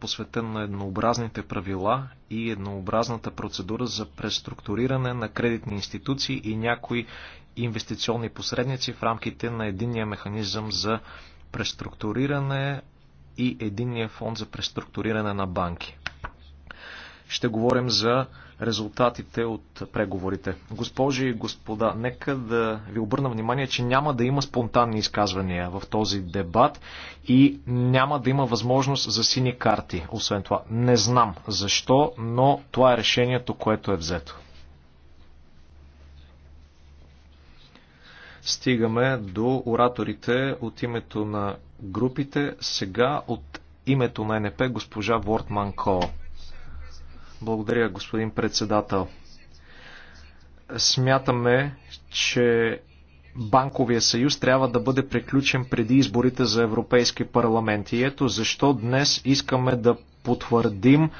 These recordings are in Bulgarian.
посветен на еднообразните правила и еднообразната процедура за преструктуриране на кредитни институции и някои инвестиционни посредници в рамките на единния механизъм за преструктуриране и единния фонд за преструктуриране на банки ще говорим за резултатите от преговорите. Госпожи и господа, нека да ви обърна внимание, че няма да има спонтанни изказвания в този дебат и няма да има възможност за сини карти. Освен това, не знам защо, но това е решението, което е взето. Стигаме до ораторите от името на групите. Сега от името на НП госпожа Вортман Кол. Благодаря, господин председател. Смятаме, че банковия съюз трябва да бъде приключен преди изборите за Европейски парламент. И ето защо днес искаме да потвърдим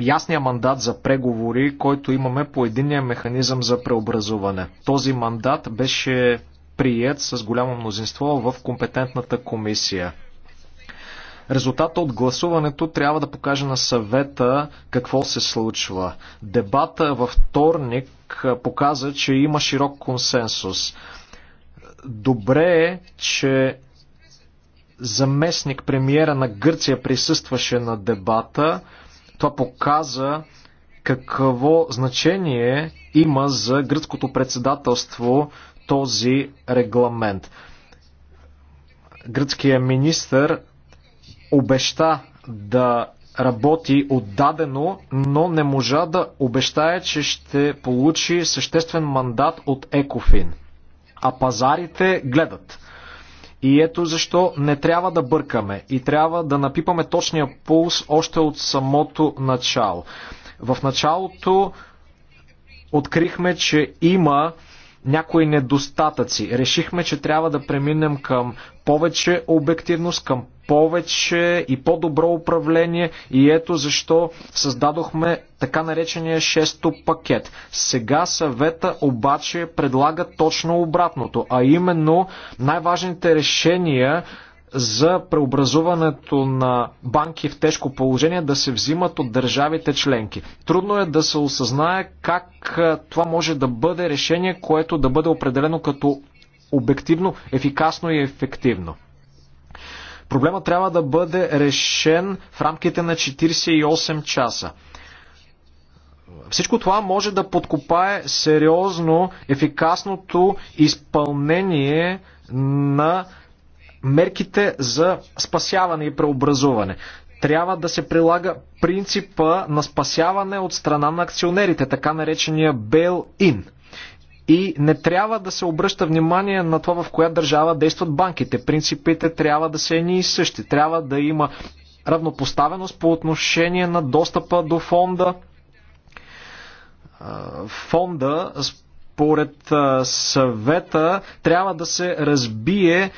ясния мандат за преговори, който имаме по единия механизъм за преобразуване. Този мандат беше прият с голямо мнозинство в компетентната комисия. Резултата от гласуването трябва да покаже на съвета какво се случва. Дебата във вторник показа, че има широк консенсус. Добре е, че заместник премиера на Гърция присъстваше на дебата. Това показа какво значение има за гръцкото председателство този регламент. Гръцкият министр обеща да работи отдадено, но не можа да обещае, че ще получи съществен мандат от Екофин. А пазарите гледат. И ето защо не трябва да бъркаме и трябва да напипаме точния пулс още от самото начало. В началото открихме, че има някои недостатъци. Решихме, че трябва да преминем към повече обективност, към повече и по-добро управление и ето защо създадохме така наречения шесто пакет. Сега съвета обаче предлага точно обратното, а именно най-важните решения за преобразуването на банки в тежко положение да се взимат от държавите членки. Трудно е да се осъзнае как това може да бъде решение, което да бъде определено като обективно, ефикасно и ефективно. Проблема трябва да бъде решен в рамките на 48 часа. Всичко това може да подкопае сериозно ефикасното изпълнение на мерките за спасяване и преобразуване. Трябва да се прилага принципа на спасяване от страна на акционерите, така наречения bail-in. И не трябва да се обръща внимание на това в коя държава действат банките. Принципите трябва да са едни и същи. Трябва да има равнопоставеност по отношение на достъпа до фонда. Фонда, според съвета трябва да се разбие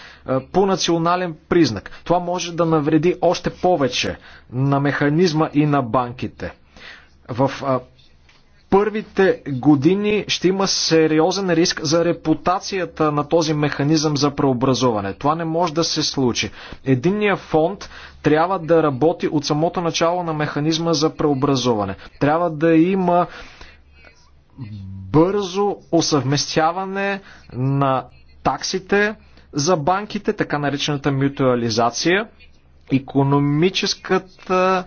по национален признак. Това може да навреди още повече на механизма и на банките. В първите години ще има сериозен риск за репутацията на този механизъм за преобразуване. Това не може да се случи. Единният фонд трябва да работи от самото начало на механизма за преобразуване. Трябва да има бързо осъвместяване на таксите за банките, така наречената мютуализация, економическата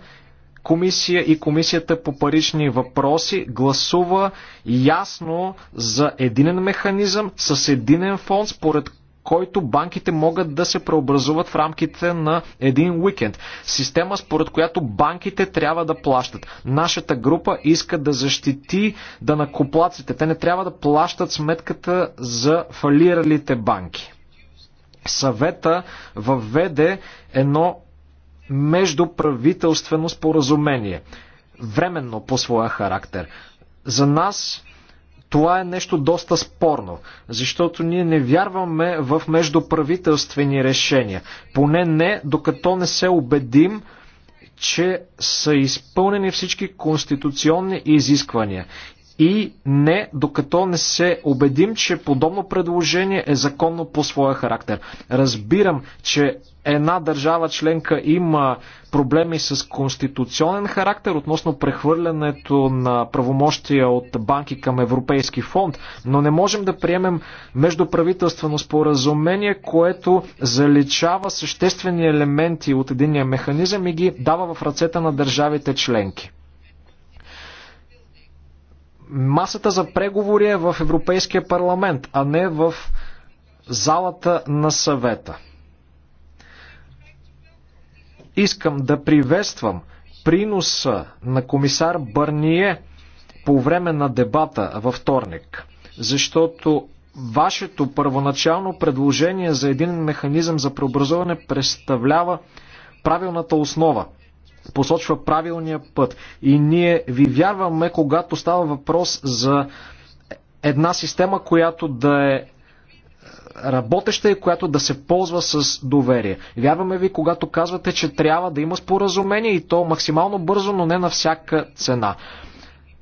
комисия и комисията по парични въпроси гласува ясно за единен механизъм с единен фонд, според който банките могат да се преобразуват в рамките на един уикенд. Система, според която банките трябва да плащат. Нашата група иска да защити да накоплаците. Те не трябва да плащат сметката за фалиралите банки. Съвета въведе едно междуправителствено споразумение. Временно по своя характер. За нас това е нещо доста спорно, защото ние не вярваме в междуправителствени решения. Поне не, докато не се убедим, че са изпълнени всички конституционни изисквания и не докато не се убедим, че подобно предложение е законно по своя характер. Разбирам, че една държава членка има проблеми с конституционен характер относно прехвърлянето на правомощия от банки към Европейски фонд, но не можем да приемем междуправителствено споразумение, което заличава съществени елементи от единия механизъм и ги дава в ръцете на държавите членки масата за преговори е в Европейския парламент, а не в залата на съвета. Искам да приветствам приноса на комисар Бърние по време на дебата във вторник, защото вашето първоначално предложение за един механизъм за преобразуване представлява правилната основа посочва правилния път. И ние ви вярваме, когато става въпрос за една система, която да е работеща и която да се ползва с доверие. Вярваме ви, когато казвате, че трябва да има споразумение и то максимално бързо, но не на всяка цена.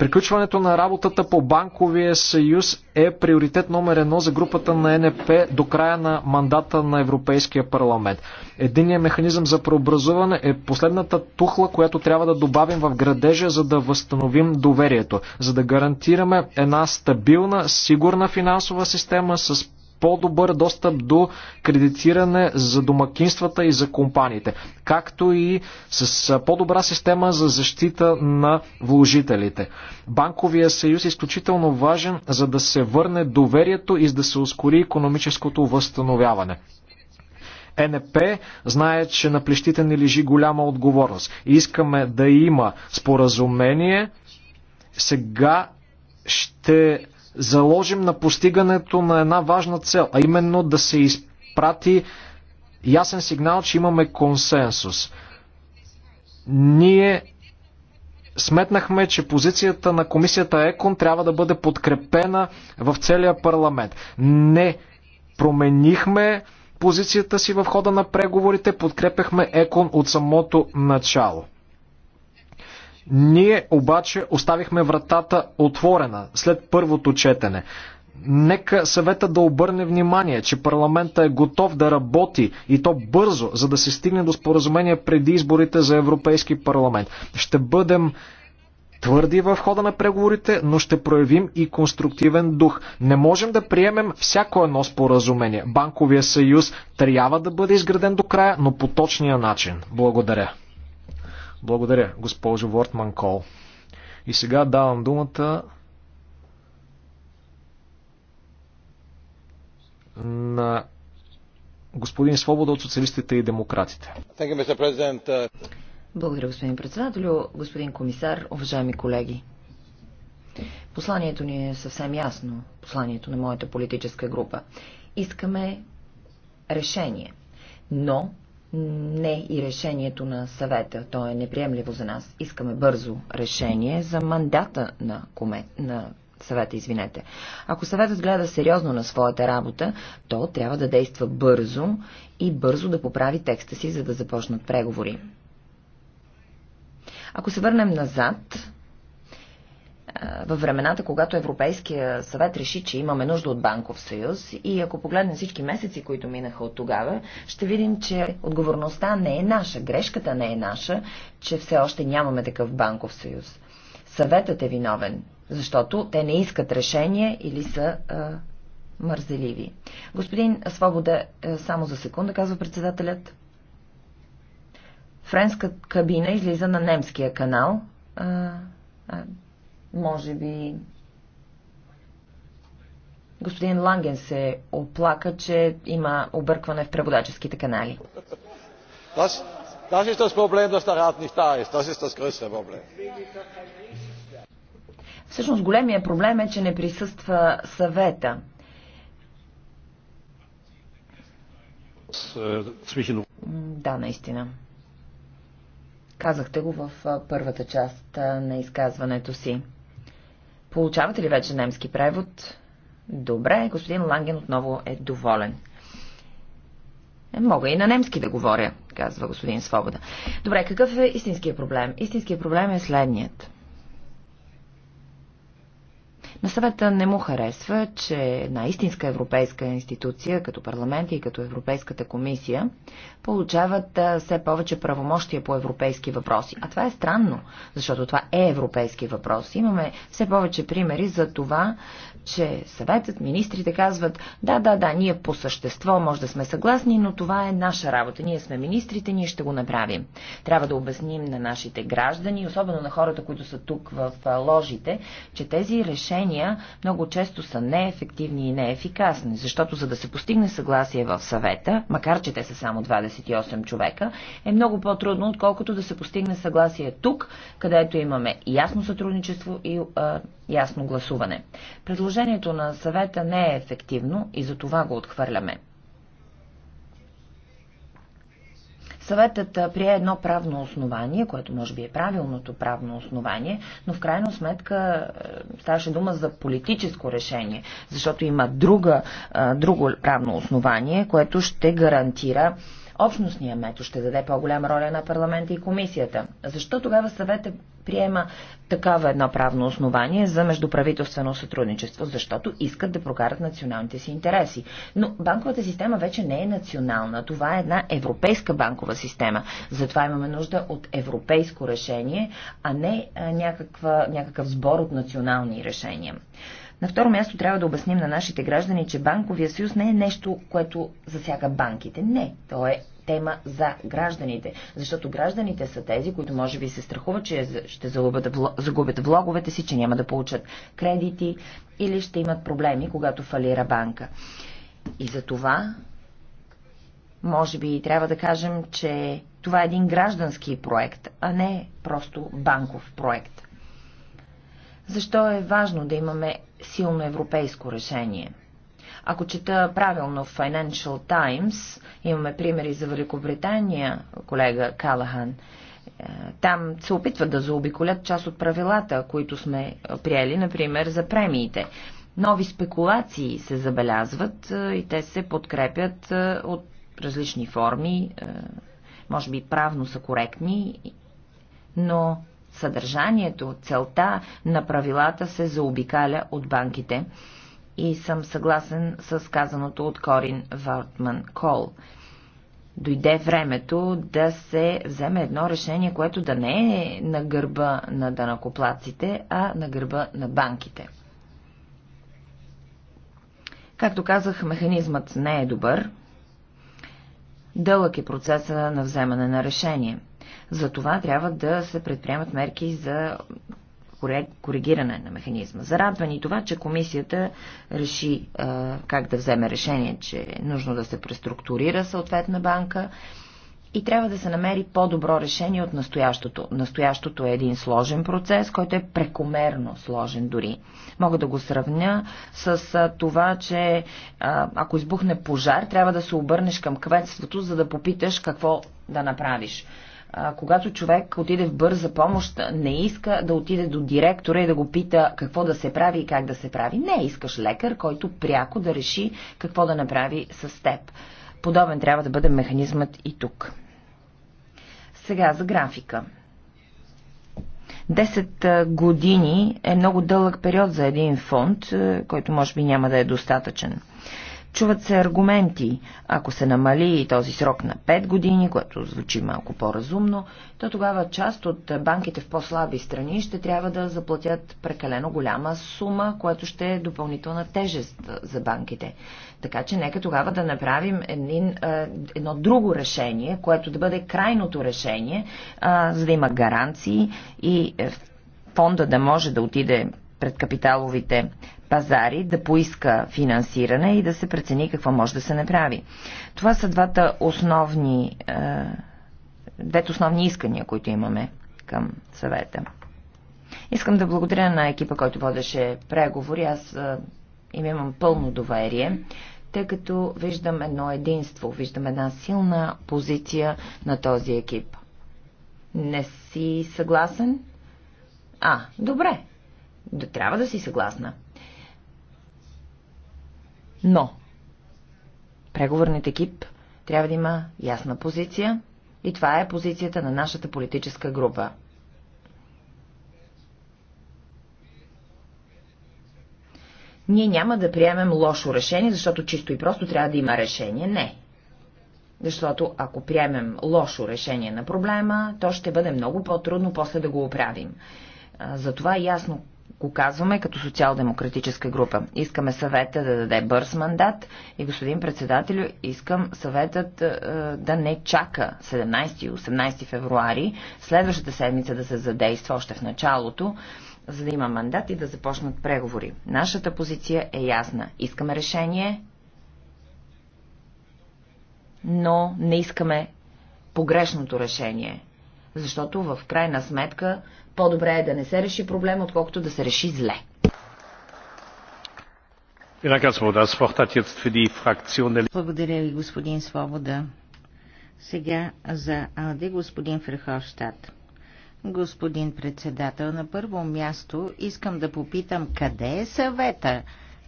Приключването на работата по банковия съюз е приоритет номер едно за групата на НП до края на мандата на Европейския парламент. Единият механизъм за преобразуване е последната тухла, която трябва да добавим в градежа, за да възстановим доверието, за да гарантираме една стабилна, сигурна финансова система с по-добър достъп до кредитиране за домакинствата и за компаниите, както и с по-добра система за защита на вложителите. Банковия съюз е изключително важен, за да се върне доверието и за да се ускори економическото възстановяване. Е НП знае, че на плещите ни лежи голяма отговорност. Искаме да има споразумение. Сега ще заложим на постигането на една важна цел, а именно да се изпрати ясен сигнал, че имаме консенсус. Ние сметнахме, че позицията на комисията ЕКОН трябва да бъде подкрепена в целия парламент. Не променихме позицията си в хода на преговорите, подкрепяхме ЕКОН от самото начало. Ние обаче оставихме вратата отворена след първото четене. Нека съвета да обърне внимание, че парламента е готов да работи и то бързо, за да се стигне до споразумение преди изборите за Европейски парламент. Ще бъдем твърди в хода на преговорите, но ще проявим и конструктивен дух. Не можем да приемем всяко едно споразумение. Банковия съюз трябва да бъде изграден до края, но по точния начин. Благодаря. Благодаря, госпожо Вортман Кол. И сега давам думата на господин Свобода от социалистите и демократите. Благодаря, господин председател, господин комисар, уважаеми колеги. Посланието ни е съвсем ясно, посланието на моята политическа група. Искаме решение, но не и решението на съвета. То е неприемливо за нас. Искаме бързо решение за мандата на, коме... на съвета, извинете. Ако съветът гледа сериозно на своята работа, то трябва да действа бързо и бързо да поправи текста си, за да започнат преговори. Ако се върнем назад, е, във времената, когато Европейския съвет реши, че имаме нужда от банков съюз и ако погледнем всички месеци, които минаха от тогава, ще видим, че отговорността не е наша, грешката не е наша, че все още нямаме такъв банков съюз. Съветът е виновен, защото те не искат решение или са а, е, мързеливи. Господин Свобода, е, само за секунда, казва председателят. Френска кабина излиза на немския канал. А, а, може би господин Ланген се оплака, че има объркване в преводаческите канали. Всъщност големия проблем е, че не присъства съвета. Е, да, наистина. Казахте го в първата част на изказването си. Получавате ли вече немски превод? Добре, господин Ланген отново е доволен. Е, мога и на немски да говоря, казва господин Свобода. Добре, какъв е истинския проблем? Истинския проблем е следният – на съвета не му харесва, че една истинска европейска институция, като парламент и като Европейската комисия, получават все повече правомощия по европейски въпроси. А това е странно, защото това е европейски въпрос. Имаме все повече примери за това, че съветът, министрите казват, да, да, да, ние по същество може да сме съгласни, но това е наша работа. Ние сме министрите, ние ще го направим. Трябва да обясним на нашите граждани, особено на хората, които са тук в ложите, че тези решения решения много често са неефективни и неефикасни, защото за да се постигне съгласие в съвета, макар че те са само 28 човека, е много по-трудно, отколкото да се постигне съгласие тук, където имаме ясно сътрудничество и а, ясно гласуване. Предложението на съвета не е ефективно и за това го отхвърляме. Съветът прие едно правно основание, което може би е правилното правно основание, но в крайна сметка ставаше дума за политическо решение, защото има друга, друго правно основание, което ще гарантира Общностният метод ще даде по-голяма роля на парламента и комисията. Защо тогава съвета приема такава едно правно основание за междуправителствено сътрудничество, защото искат да прокарат националните си интереси. Но банковата система вече не е национална. Това е една европейска банкова система. Затова имаме нужда от европейско решение, а не някаква, някакъв сбор от национални решения. На второ място трябва да обясним на нашите граждани, че банковия съюз не е нещо, което засяга банките. Не, то е тема за гражданите, защото гражданите са тези, които може би се страхуват, че ще загубят влоговете си, че няма да получат кредити или ще имат проблеми, когато фалира банка. И за това, може би, трябва да кажем, че това е един граждански проект, а не просто банков проект. Защо е важно да имаме силно европейско решение? Ако чета правилно в Financial Times, имаме примери за Великобритания, колега Калахан, е, там се опитват да заобиколят част от правилата, които сме приели, например, за премиите. Нови спекулации се забелязват е, и те се подкрепят е, от различни форми, може би правно са коректни, но съдържанието, целта на правилата се заобикаля от банките. И съм съгласен с казаното от Корин Вартман Кол дойде времето да се вземе едно решение, което да не е на гърба на данакоплаците, а на гърба на банките. Както казах, механизмът не е добър. Дълъг е процеса на вземане на решение – за това трябва да се предприемат мерки за коригиране на механизма. Зарадва ни това, че комисията реши а, как да вземе решение, че е нужно да се преструктурира съответна банка и трябва да се намери по-добро решение от настоящото. Настоящото е един сложен процес, който е прекомерно сложен дори. Мога да го сравня с а, това, че а, ако избухне пожар, трябва да се обърнеш към кветството, за да попиташ какво да направиш а, когато човек отиде в бърза помощ, не иска да отиде до директора и да го пита какво да се прави и как да се прави. Не, искаш лекар, който пряко да реши какво да направи с теб. Подобен трябва да бъде механизмът и тук. Сега за графика. 10 години е много дълъг период за един фонд, който може би няма да е достатъчен. Чуват се аргументи. Ако се намали този срок на 5 години, което звучи малко по-разумно, то тогава част от банките в по-слаби страни ще трябва да заплатят прекалено голяма сума, което ще е допълнителна тежест за банките. Така че нека тогава да направим един, едно друго решение, което да бъде крайното решение, за да има гаранции и е, фонда да може да отиде пред капиталовите пазари, да поиска финансиране и да се прецени какво може да се направи. Това са двата основни, е, двете основни искания, които имаме към съвета. Искам да благодаря на екипа, който водеше преговори. Аз е, им имам пълно доверие, тъй като виждам едно единство, виждам една силна позиция на този екип. Не си съгласен? А, добре. Да трябва да си съгласна. Но преговорният екип трябва да има ясна позиция и това е позицията на нашата политическа група. Ние няма да приемем лошо решение, защото чисто и просто трябва да има решение. Не. Защото ако приемем лошо решение на проблема, то ще бъде много по-трудно после да го оправим. Затова ясно го казваме като социал-демократическа група. Искаме съвета да даде бърз мандат и господин председателю, искам съветът е, да не чака 17 и 18 февруари, следващата седмица да се задейства още в началото, за да има мандат и да започнат преговори. Нашата позиция е ясна. Искаме решение, но не искаме погрешното решение. Защото в крайна сметка по-добре е да не се реши проблем, отколкото да се реши зле. Благодаря ви, господин Свобода. Сега за Алди господин Ферховщад. Господин председател, на първо място искам да попитам къде е съвета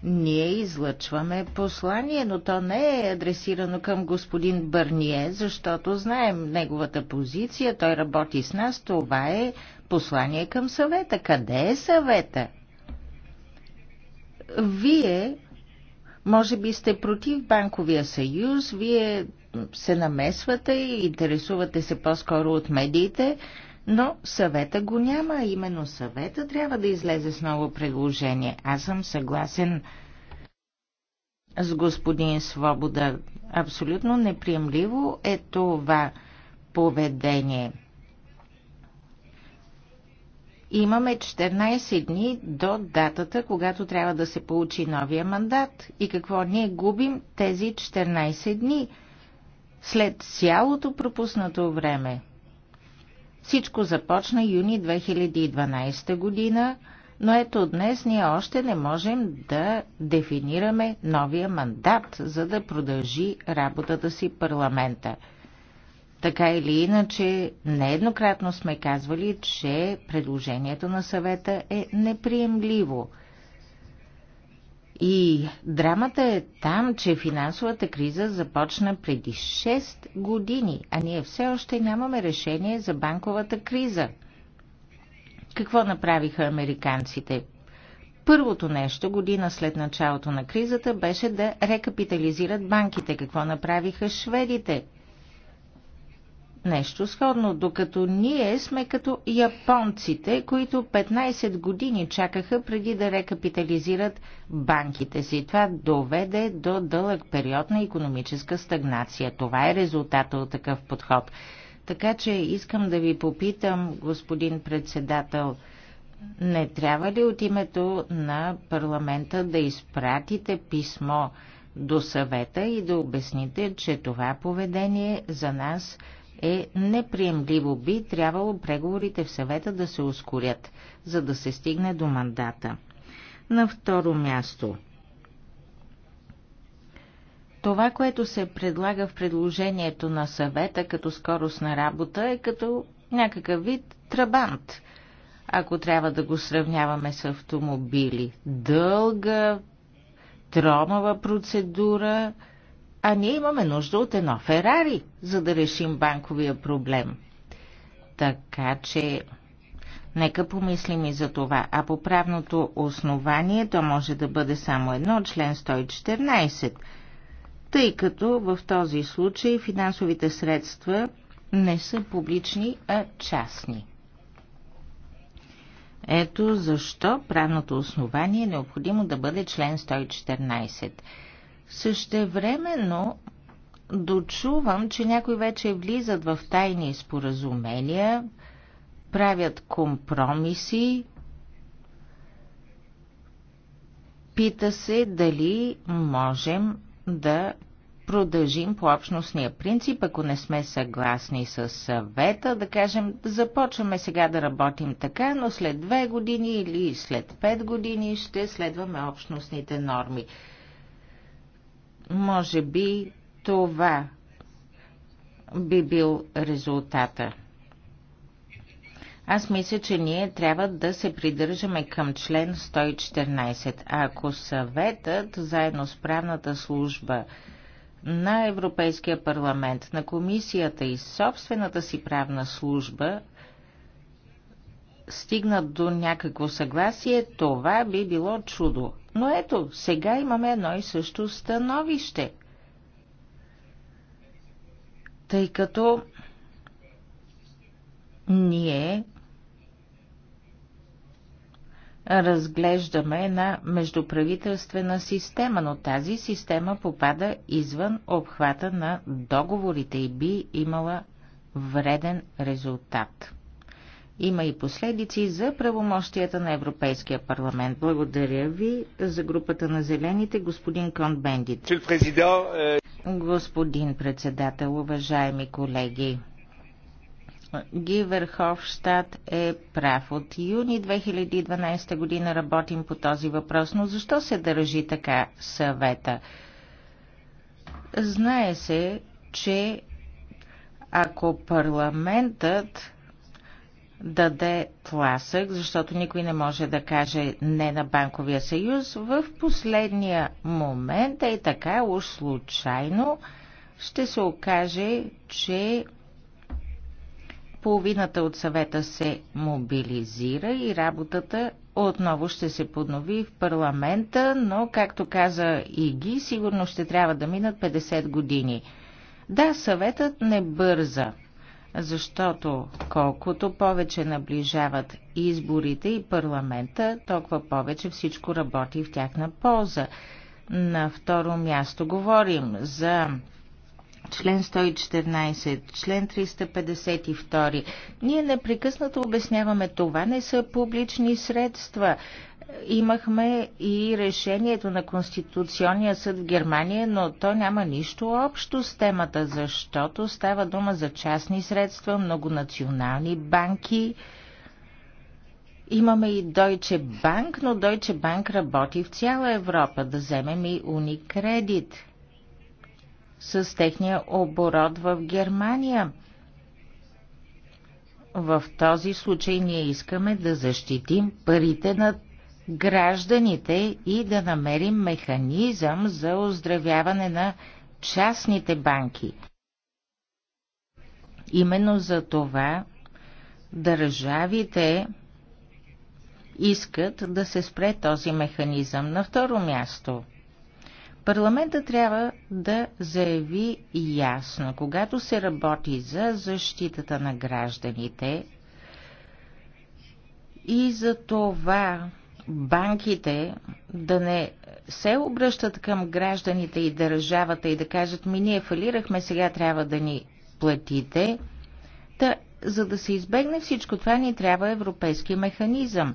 ние излъчваме послание, но то не е адресирано към господин Бърние, защото знаем неговата позиция, той работи с нас, това е послание към съвета. Къде е съвета? Вие може би сте против банковия съюз, вие се намесвате и интересувате се по-скоро от медиите, но съвета го няма, а именно съвета трябва да излезе с ново предложение. Аз съм съгласен с господин Свобода. Абсолютно неприемливо е това поведение. Имаме 14 дни до датата, когато трябва да се получи новия мандат. И какво ние губим тези 14 дни след цялото пропуснато време? Всичко започна юни 2012 година, но ето днес ние още не можем да дефинираме новия мандат, за да продължи работата си парламента. Така или иначе, нееднократно сме казвали, че предложението на съвета е неприемливо – и драмата е там, че финансовата криза започна преди 6 години, а ние все още нямаме решение за банковата криза. Какво направиха американците? Първото нещо година след началото на кризата беше да рекапитализират банките. Какво направиха шведите? нещо сходно, докато ние сме като японците, които 15 години чакаха преди да рекапитализират банките си. Това доведе до дълъг период на економическа стагнация. Това е резултата от такъв подход. Така че искам да ви попитам, господин председател, не трябва ли от името на парламента да изпратите писмо до съвета и да обясните, че това поведение за нас – е неприемливо. Би трябвало преговорите в съвета да се ускорят, за да се стигне до мандата. На второ място. Това, което се предлага в предложението на съвета като скорост на работа е като някакъв вид трабант, ако трябва да го сравняваме с автомобили. Дълга, тромава процедура, а ние имаме нужда от едно Ферари, за да решим банковия проблем. Така че, нека помислим и за това. А по правното основание то може да бъде само едно, член 114, тъй като в този случай финансовите средства не са публични, а частни. Ето защо правното основание е необходимо да бъде член 114. Същевременно дочувам, че някои вече влизат в тайни споразумения, правят компромиси, пита се дали можем да продължим по общностния принцип, ако не сме съгласни с съвета, да кажем, започваме сега да работим така, но след две години или след пет години ще следваме общностните норми. Може би това би бил резултата. Аз мисля, че ние трябва да се придържаме към член 114. А ако съветът, заедно с правната служба на Европейския парламент, на комисията и собствената си правна служба стигнат до някакво съгласие, това би било чудо. Но ето, сега имаме едно и също становище. Тъй като ние разглеждаме на междуправителствена система, но тази система попада извън обхвата на договорите и би имала вреден резултат има и последици за правомощията на Европейския парламент. Благодаря ви за групата на зелените, господин Кон Бендит. Euh, господин председател, уважаеми колеги, Гиверховщад е прав. От юни 2012 година работим по този въпрос, но защо се държи така съвета? Знае се, че ако парламентът даде тласък, защото никой не може да каже не на Банковия съюз. В последния момент, е така, уж случайно, ще се окаже, че половината от съвета се мобилизира и работата отново ще се поднови в парламента, но, както каза и ги, сигурно ще трябва да минат 50 години. Да, съветът не бърза – защото колкото повече наближават изборите и парламента, толкова повече всичко работи в тяхна полза. На второ място говорим за член 114, член 352. Ние непрекъснато обясняваме това не са публични средства имахме и решението на Конституционния съд в Германия, но то няма нищо общо с темата, защото става дума за частни средства, многонационални банки. Имаме и Deutsche Bank, но Deutsche Bank работи в цяла Европа. Да вземем и Unicredit с техния оборот в Германия. В този случай ние искаме да защитим парите на гражданите и да намерим механизъм за оздравяване на частните банки. Именно за това държавите искат да се спре този механизъм. На второ място, парламента трябва да заяви ясно, когато се работи за защитата на гражданите и за това банките да не се обръщат към гражданите и държавата и да кажат ми ние фалирахме, сега трябва да ни платите. Та, за да се избегне всичко това ни трябва европейски механизъм.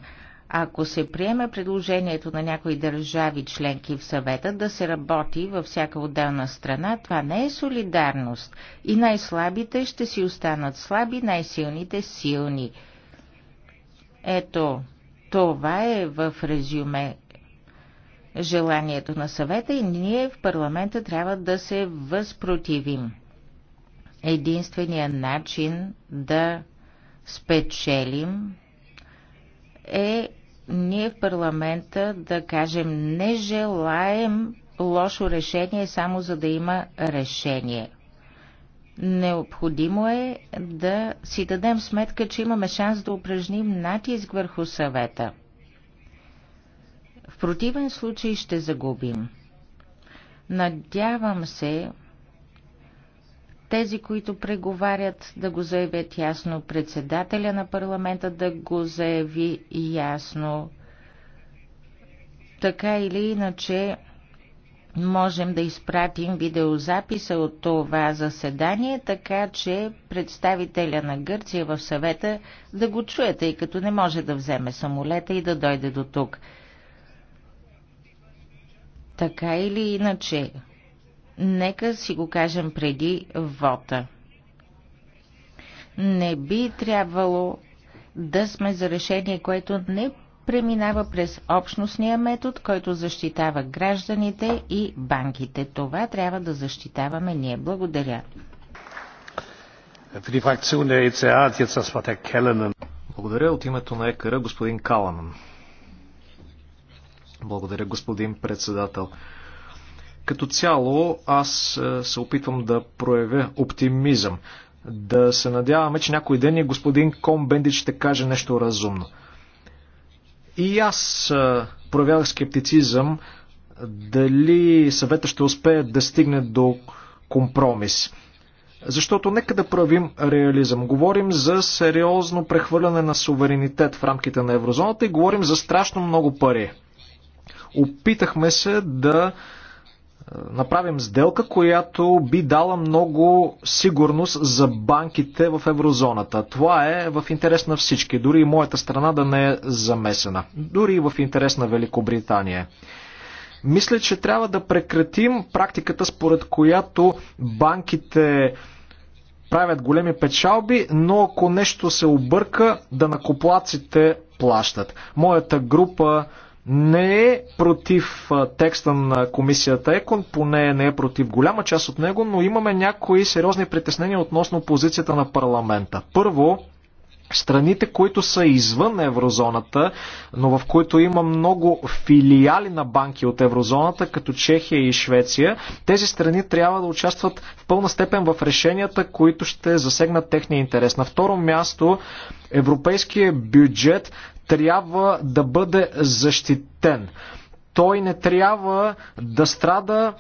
Ако се приеме предложението на някои държави членки в съвета да се работи във всяка отделна страна, това не е солидарност. И най-слабите ще си останат слаби, най-силните силни. Ето, това е в резюме желанието на съвета и ние в парламента трябва да се възпротивим. Единственият начин да спечелим е ние в парламента да кажем не желаем лошо решение само за да има решение. Необходимо е да си дадем сметка, че имаме шанс да упражним натиск върху съвета. В противен случай ще загубим. Надявам се, тези, които преговарят, да го заявят ясно, председателя на парламента да го заяви ясно. Така или иначе, можем да изпратим видеозаписа от това заседание, така че представителя на Гърция в съвета да го чуе, тъй като не може да вземе самолета и да дойде до тук. Така или иначе, нека си го кажем преди вота. Не би трябвало да сме за решение, което не преминава през общностния метод, който защитава гражданите и банките. Това трябва да защитаваме ние. Благодаря. Благодаря от името на ЕКР господин Каланан. Благодаря господин председател. Като цяло аз е, се опитвам да проявя оптимизъм. Да се надяваме, че някой ден и господин Ком ще каже нещо разумно. И аз проявявах скептицизъм дали съвета ще успее да стигне до компромис. Защото нека да проявим реализъм. Говорим за сериозно прехвърляне на суверенитет в рамките на еврозоната и говорим за страшно много пари. Опитахме се да направим сделка, която би дала много сигурност за банките в еврозоната. Това е в интерес на всички, дори и моята страна да не е замесена, дори и в интерес на Великобритания. Мисля, че трябва да прекратим практиката, според която банките правят големи печалби, но ако нещо се обърка, да накоплаците плащат. Моята група не е против текста на комисията ЕКОН, поне не е против голяма част от него, но имаме някои сериозни притеснения относно позицията на парламента. Първо, страните, които са извън еврозоната, но в които има много филиали на банки от еврозоната, като Чехия и Швеция, тези страни трябва да участват в пълна степен в решенията, които ще засегнат техния интерес. На второ място, европейския бюджет трябва да бъде защитен. Той не трябва да страда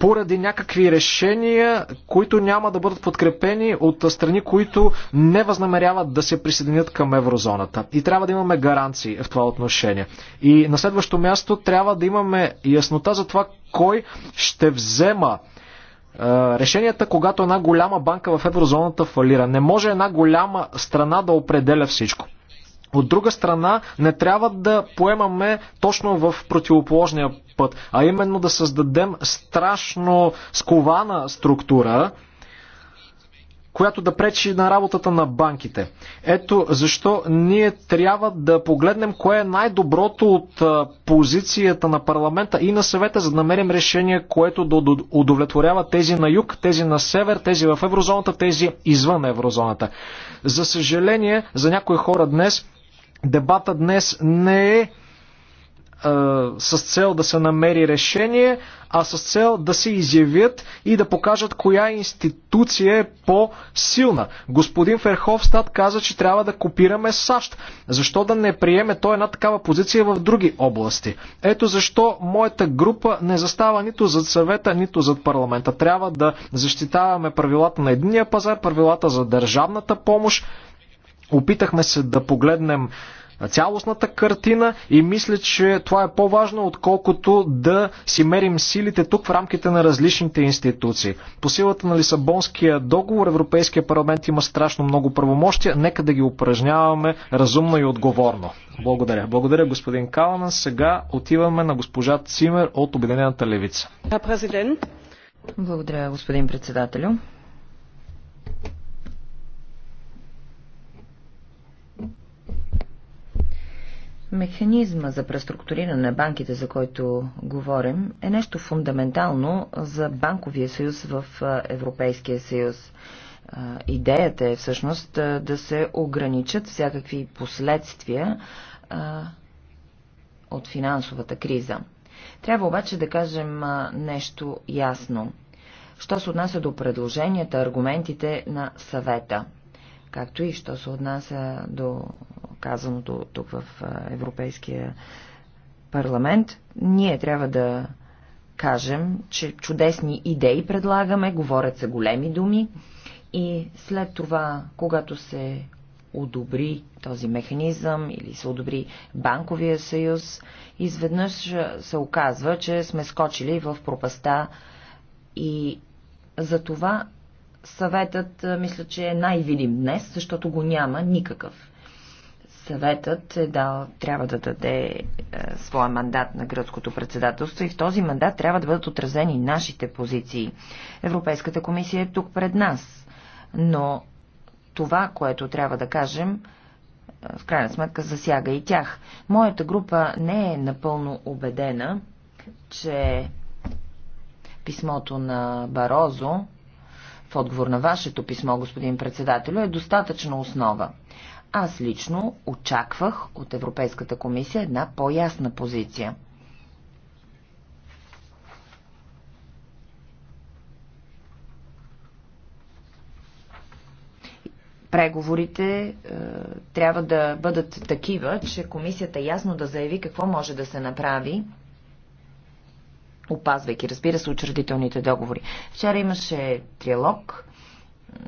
поради някакви решения, които няма да бъдат подкрепени от страни, които не възнамеряват да се присъединят към еврозоната. И трябва да имаме гаранции в това отношение. И на следващо място трябва да имаме яснота за това кой ще взема решенията, когато една голяма банка в еврозоната фалира. Не може една голяма страна да определя всичко. От друга страна, не трябва да поемаме точно в противоположния път, а именно да създадем страшно скована структура, която да пречи на работата на банките. Ето защо ние трябва да погледнем кое е най-доброто от позицията на парламента и на съвета, за да намерим решение, което да удовлетворява тези на юг, тези на север, тези в еврозоната, тези извън еврозоната. За съжаление, за някои хора днес Дебата днес не е, е с цел да се намери решение, а с цел да се изявят и да покажат коя институция е по-силна. Господин Ферховстад каза, че трябва да копираме САЩ. Защо да не приеме той една такава позиция в други области? Ето защо моята група не застава нито зад съвета, нито зад парламента. Трябва да защитаваме правилата на единия пазар, правилата за държавната помощ, Опитахме се да погледнем цялостната картина и мисля, че това е по-важно, отколкото да си мерим силите тук в рамките на различните институции. По силата на Лисабонския договор Европейския парламент има страшно много правомощия. Нека да ги упражняваме разумно и отговорно. Благодаря. Благодаря, господин Калана. Сега отиваме на госпожа Цимер от Обединената левица. Благодаря, господин председателю. Механизма за преструктуриране на банките, за който говорим, е нещо фундаментално за банковия съюз в Европейския съюз. Идеята е всъщност да се ограничат всякакви последствия от финансовата криза. Трябва обаче да кажем нещо ясно. Що се отнася до предложенията, аргументите на съвета, както и що се отнася до казаното тук в Европейския парламент. Ние трябва да кажем, че чудесни идеи предлагаме, говорят се големи думи и след това, когато се одобри този механизъм или се одобри банковия съюз, изведнъж се оказва, че сме скочили в пропаста и за това съветът мисля, че е най-видим днес, защото го няма никакъв съветът е дал, трябва да даде е, своя мандат на гръцкото председателство и в този мандат трябва да бъдат отразени нашите позиции. Европейската комисия е тук пред нас, но това, което трябва да кажем, е, в крайна сметка засяга и тях. Моята група не е напълно убедена, че писмото на Барозо в отговор на вашето писмо, господин председател, е достатъчна основа. Аз лично очаквах от Европейската комисия една по-ясна позиция. преговорите е, трябва да бъдат такива, че комисията ясно да заяви какво може да се направи, опазвайки, разбира се, учредителните договори. Вчера имаше триалог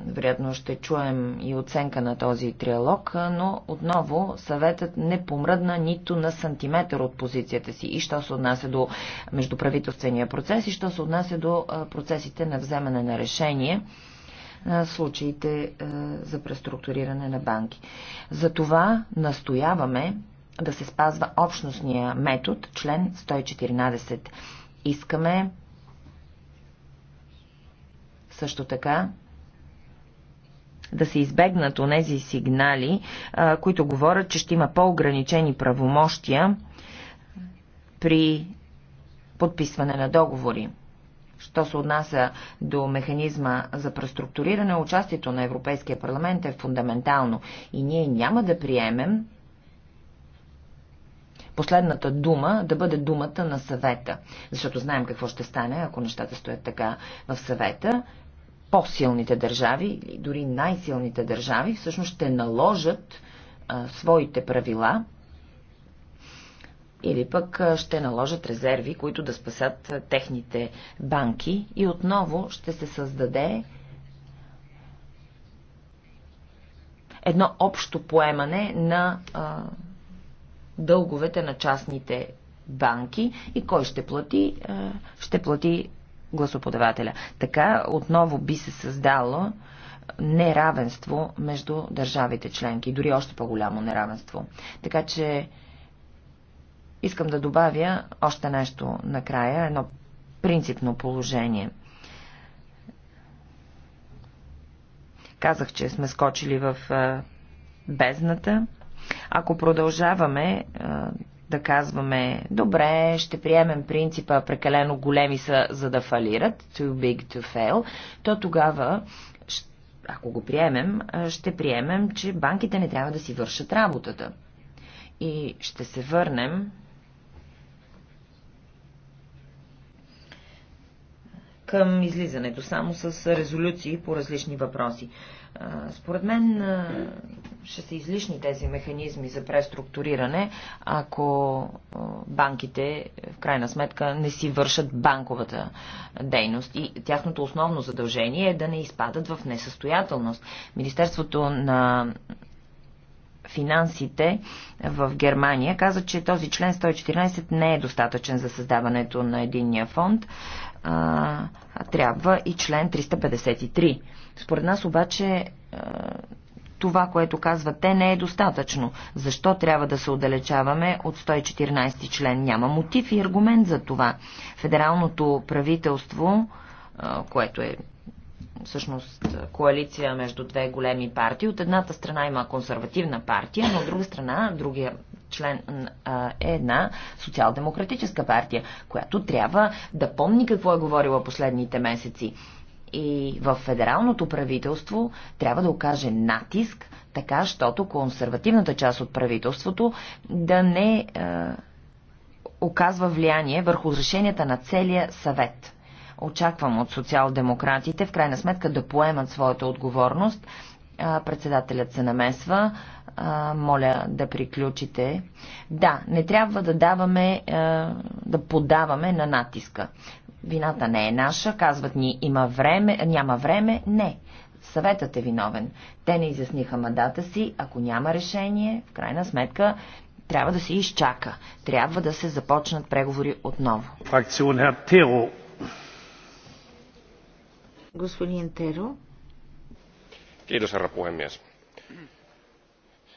вероятно ще чуем и оценка на този триалог, но отново съветът не помръдна нито на сантиметър от позицията си и що се отнася до междуправителствения процес и що се отнася до процесите на вземане на решение на случаите за преструктуриране на банки. Затова настояваме да се спазва общностния метод, член 114. Искаме също така да се избегнат онези сигнали, които говорят, че ще има по-ограничени правомощия при подписване на договори. Що се отнася до механизма за преструктуриране, участието на Европейския парламент е фундаментално и ние няма да приемем последната дума да бъде думата на съвета. Защото знаем какво ще стане, ако нещата стоят така в съвета по-силните държави или дори най-силните държави всъщност ще наложат а, своите правила или пък ще наложат резерви, които да спасат техните банки и отново ще се създаде едно общо поемане на а, дълговете на частните банки и кой ще плати? А, ще плати гласоподавателя. Така отново би се създало неравенство между държавите членки, дори още по-голямо неравенство. Така че искам да добавя още нещо накрая, едно принципно положение. Казах, че сме скочили в бездната. Ако продължаваме да казваме, добре, ще приемем принципа прекалено големи са за да фалират, too big to fail, то тогава, ако го приемем, ще приемем, че банките не трябва да си вършат работата. И ще се върнем към излизането, само с резолюции по различни въпроси. Според мен ще са излишни тези механизми за преструктуриране, ако банките в крайна сметка не си вършат банковата дейност. И тяхното основно задължение е да не изпадат в несъстоятелност. Министерството на финансите в Германия каза, че този член 114 не е достатъчен за създаването на единния фонд. А, трябва и член 353. Според нас обаче това, което казват те, не е достатъчно. Защо трябва да се отдалечаваме от 114 член? Няма мотив и аргумент за това. Федералното правителство, което е всъщност коалиция между две големи партии. От едната страна има консервативна партия, но от друга страна другия член е една социал-демократическа партия, която трябва да помни какво е говорила последните месеци и в федералното правителство трябва да окаже натиск, така, щото консервативната част от правителството да не е, оказва влияние върху решенията на целия съвет. Очаквам от социал-демократите в крайна сметка да поемат своята отговорност. Председателят се намесва. Моля да приключите. Да, не трябва да даваме, е, да подаваме на натиска. Вината не е наша, казват ни има време, няма време, не. Съветът е виновен. Те не изясниха мандата си, ако няма решение, в крайна сметка трябва да се изчака. Трябва да се започнат преговори отново. Фракцион Хер Теро. Господин Теро. Kiitos, herra puhemies.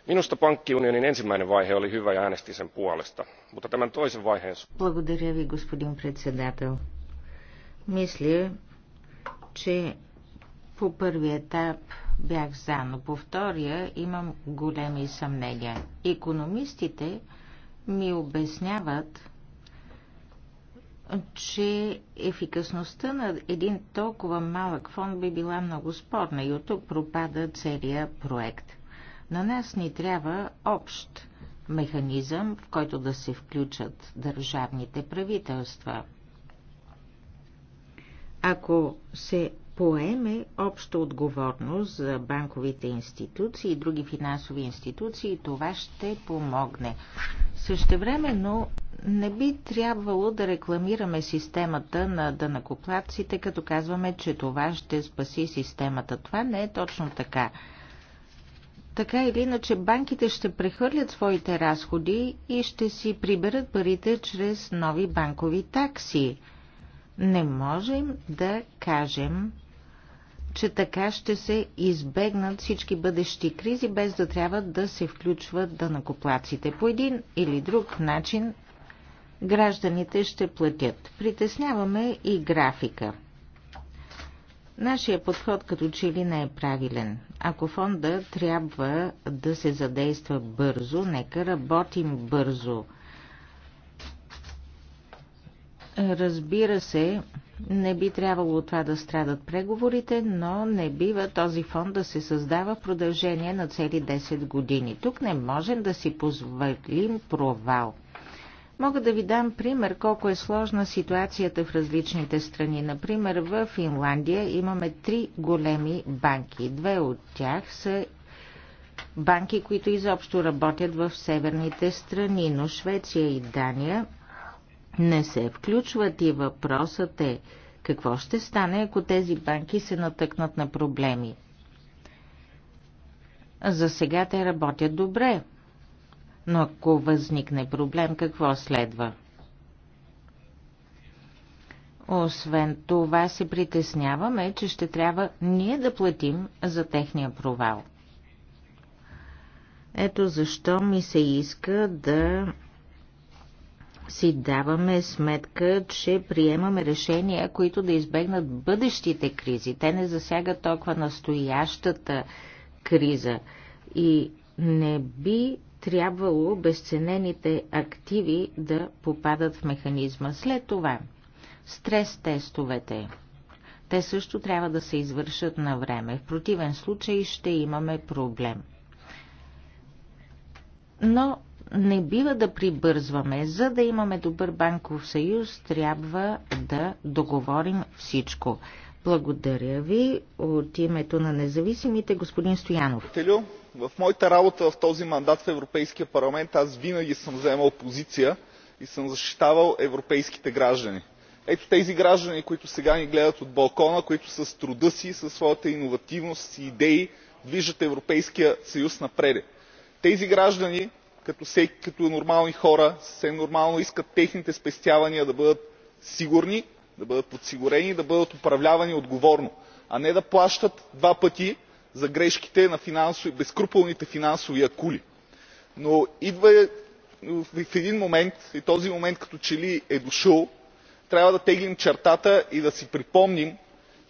Minusta pankkiunionin ensimmäinen vaihe oli hyvä ja äänestin sen puolesta, mutta tämän toisen vaiheen... Благодаря ви, господин председател. Мисля, че по първи етап бях за, но по втория имам големи съмнения. Економистите ми обясняват, че ефикасността на един толкова малък фонд би била много спорна и от тук пропада целият проект. На нас ни трябва общ механизъм, в който да се включат държавните правителства – ако се поеме обща отговорност за банковите институции и други финансови институции, това ще помогне. Същевременно не би трябвало да рекламираме системата на дънакоплаците, като казваме, че това ще спаси системата. Това не е точно така. Така или иначе банките ще прехвърлят своите разходи и ще си приберат парите чрез нови банкови такси. Не можем да кажем, че така ще се избегнат всички бъдещи кризи, без да трябва да се включват накоплаците. По един или друг начин гражданите ще платят. Притесняваме и графика. Нашия подход като че ли не е правилен. Ако фонда трябва да се задейства бързо, нека работим бързо – Разбира се, не би трябвало от това да страдат преговорите, но не бива този фонд да се създава в продължение на цели 10 години. Тук не можем да си позволим провал. Мога да ви дам пример колко е сложна ситуацията в различните страни. Например, в Финландия имаме три големи банки. Две от тях са банки, които изобщо работят в северните страни, но Швеция и Дания – не се включват и въпросът е какво ще стане, ако тези банки се натъкнат на проблеми. За сега те работят добре, но ако възникне проблем, какво следва? Освен това се притесняваме, че ще трябва ние да платим за техния провал. Ето защо ми се иска да си даваме сметка, че приемаме решения, които да избегнат бъдещите кризи. Те не засягат толкова настоящата криза. И не би трябвало безценените активи да попадат в механизма. След това, стрес тестовете. Те също трябва да се извършат на време. В противен случай ще имаме проблем. Но не бива да прибързваме. За да имаме добър банков съюз, трябва да договорим всичко. Благодаря ви от името на независимите, господин Стоянов. В моята работа в този мандат в Европейския парламент аз винаги съм вземал позиция и съм защитавал европейските граждани. Ето тези граждани, които сега ни гледат от балкона, които с труда си, със своята иновативност и идеи движат Европейския съюз напред. Тези граждани като нормални хора съвсем нормално искат техните спестявания да бъдат сигурни да бъдат подсигурени да бъдат управлявани отговорно а не да плащат два пъти за грешките на безскрупулните финансови акули. но идва е, един момент и този момент като че ли е дошъл трябва да теглим чертата и да си припомним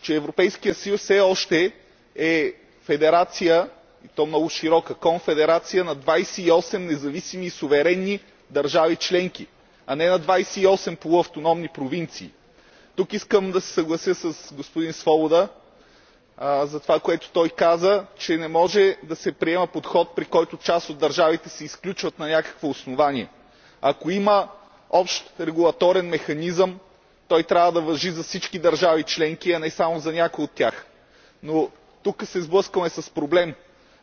че европейският съюз все още е федерация и то много широка конфедерация на двадесет и осем независими и суверенни държави членки а не на двадесет и осем полуавтономни провинции. тук искам да се съглася с господин свобода за това което той каза че не може да се приема подход при който част от държавите се изключват на някакво основание. ако има общ регулаторен механизъм той трябва да важи за всички държави членки а не само за някои от тях. но тук се сблъскваме с проблем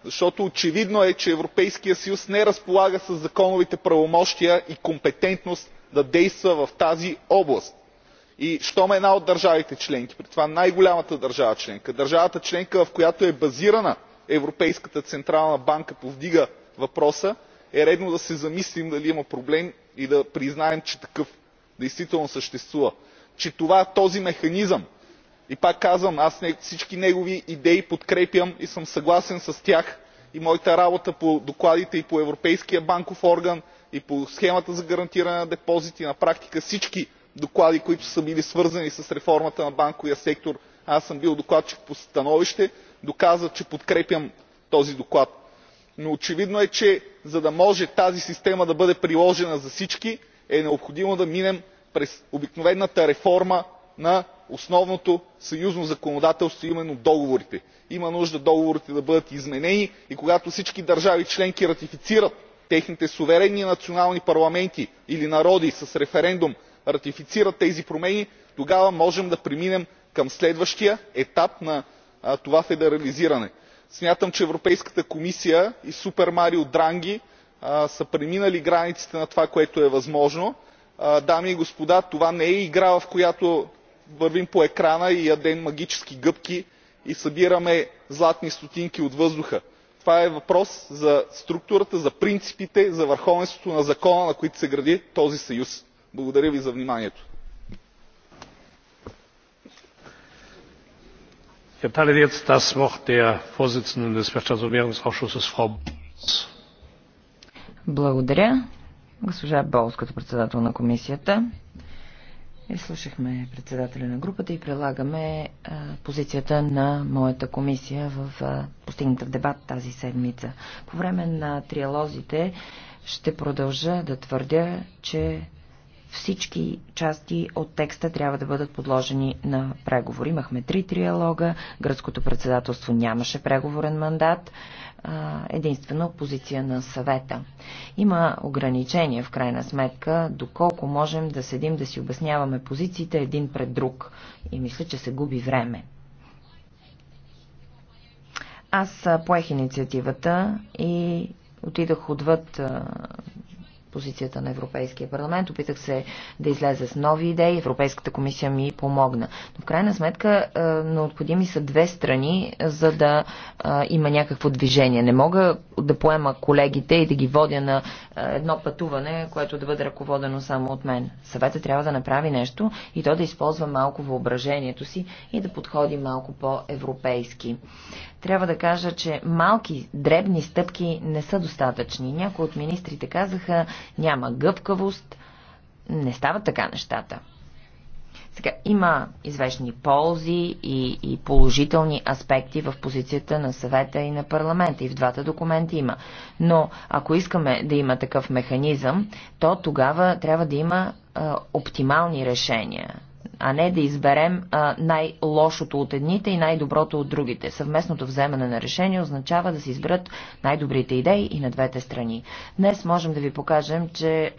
защото очевидно е че европейският съюз не разполага със законовите правомощия и компетентност да действа в тази област. И щом една от държавите членки при това най голямата държава членка държавата членка в която е базирана европейската централна банка повдига въпроса е редно да се замислим дали има проблем и да признаем че такъв действително съществува че този механизъм и пак казвам аз всички негови идеи подкрепям и съм съгласен с тях и моята работа по докладите и по европейския банков орган и по схемата за гарантиране на депозити на практика всички доклади които са били свързани с реформата на банковия сектор аз съм бил докладчик по становище доказват че подкрепям този доклад. но очевидно е че за да може тази система да бъде приложена за всички е необходимо да минем през обикновената реформа на основното съюзно законодателство а именно договорите. има нужда договорите да бъдат изменени и когато всички държави членки ратифицират техните суверенни национални парламенти или народи с референдум ратифицират тези промени тогава можем да преминем към следващия етап на това федерализиране. смятам че европейската комисия и супер марио дранги са преминали границите на това което е възможно. дами и господа това не е игра в която вървим по екрана и ядем магически гъбки и събираме златни стотинки от въздуха. Това е въпрос за структурата, за принципите, за върховенството на закона, на които се гради този съюз. Благодаря ви за вниманието. ich erteile jetzt das wort der vorsitzenden des wirtschafts und währungsausschusses frau Благодаря. Госпожа Болс, като председател на комисията. Изслушахме е, председателя на групата и прилагаме а, позицията на моята комисия в а, постигната в дебат тази седмица. По време на триалозите ще продължа да твърдя, че всички части от текста трябва да бъдат подложени на преговори. Имахме три триалога, гръцкото председателство нямаше преговорен мандат единствена позиция на съвета. Има ограничения, в крайна сметка, доколко можем да седим да си обясняваме позициите един пред друг. И мисля, че се губи време. Аз поех инициативата и отидах отвъд позицията на Европейския парламент. Опитах се да излезе с нови идеи. Европейската комисия ми помогна. Но в крайна сметка е, необходими са две страни, за да е, има някакво движение. Не мога да поема колегите и да ги водя на е, едно пътуване, което да бъде ръководено само от мен. Съвета трябва да направи нещо и то да използва малко въображението си и да подходи малко по-европейски. Трябва да кажа, че малки, дребни стъпки не са достатъчни. Някои от министрите казаха, няма гъвкавост. Не стават така нещата. Сега, има известни ползи и, и положителни аспекти в позицията на съвета и на парламента. И в двата документа има. Но ако искаме да има такъв механизъм, то тогава трябва да има а, оптимални решения а не да изберем най-лошото от едните и най-доброто от другите. Съвместното вземане на решение означава да се изберат най-добрите идеи и на двете страни. Днес можем да ви покажем, че е,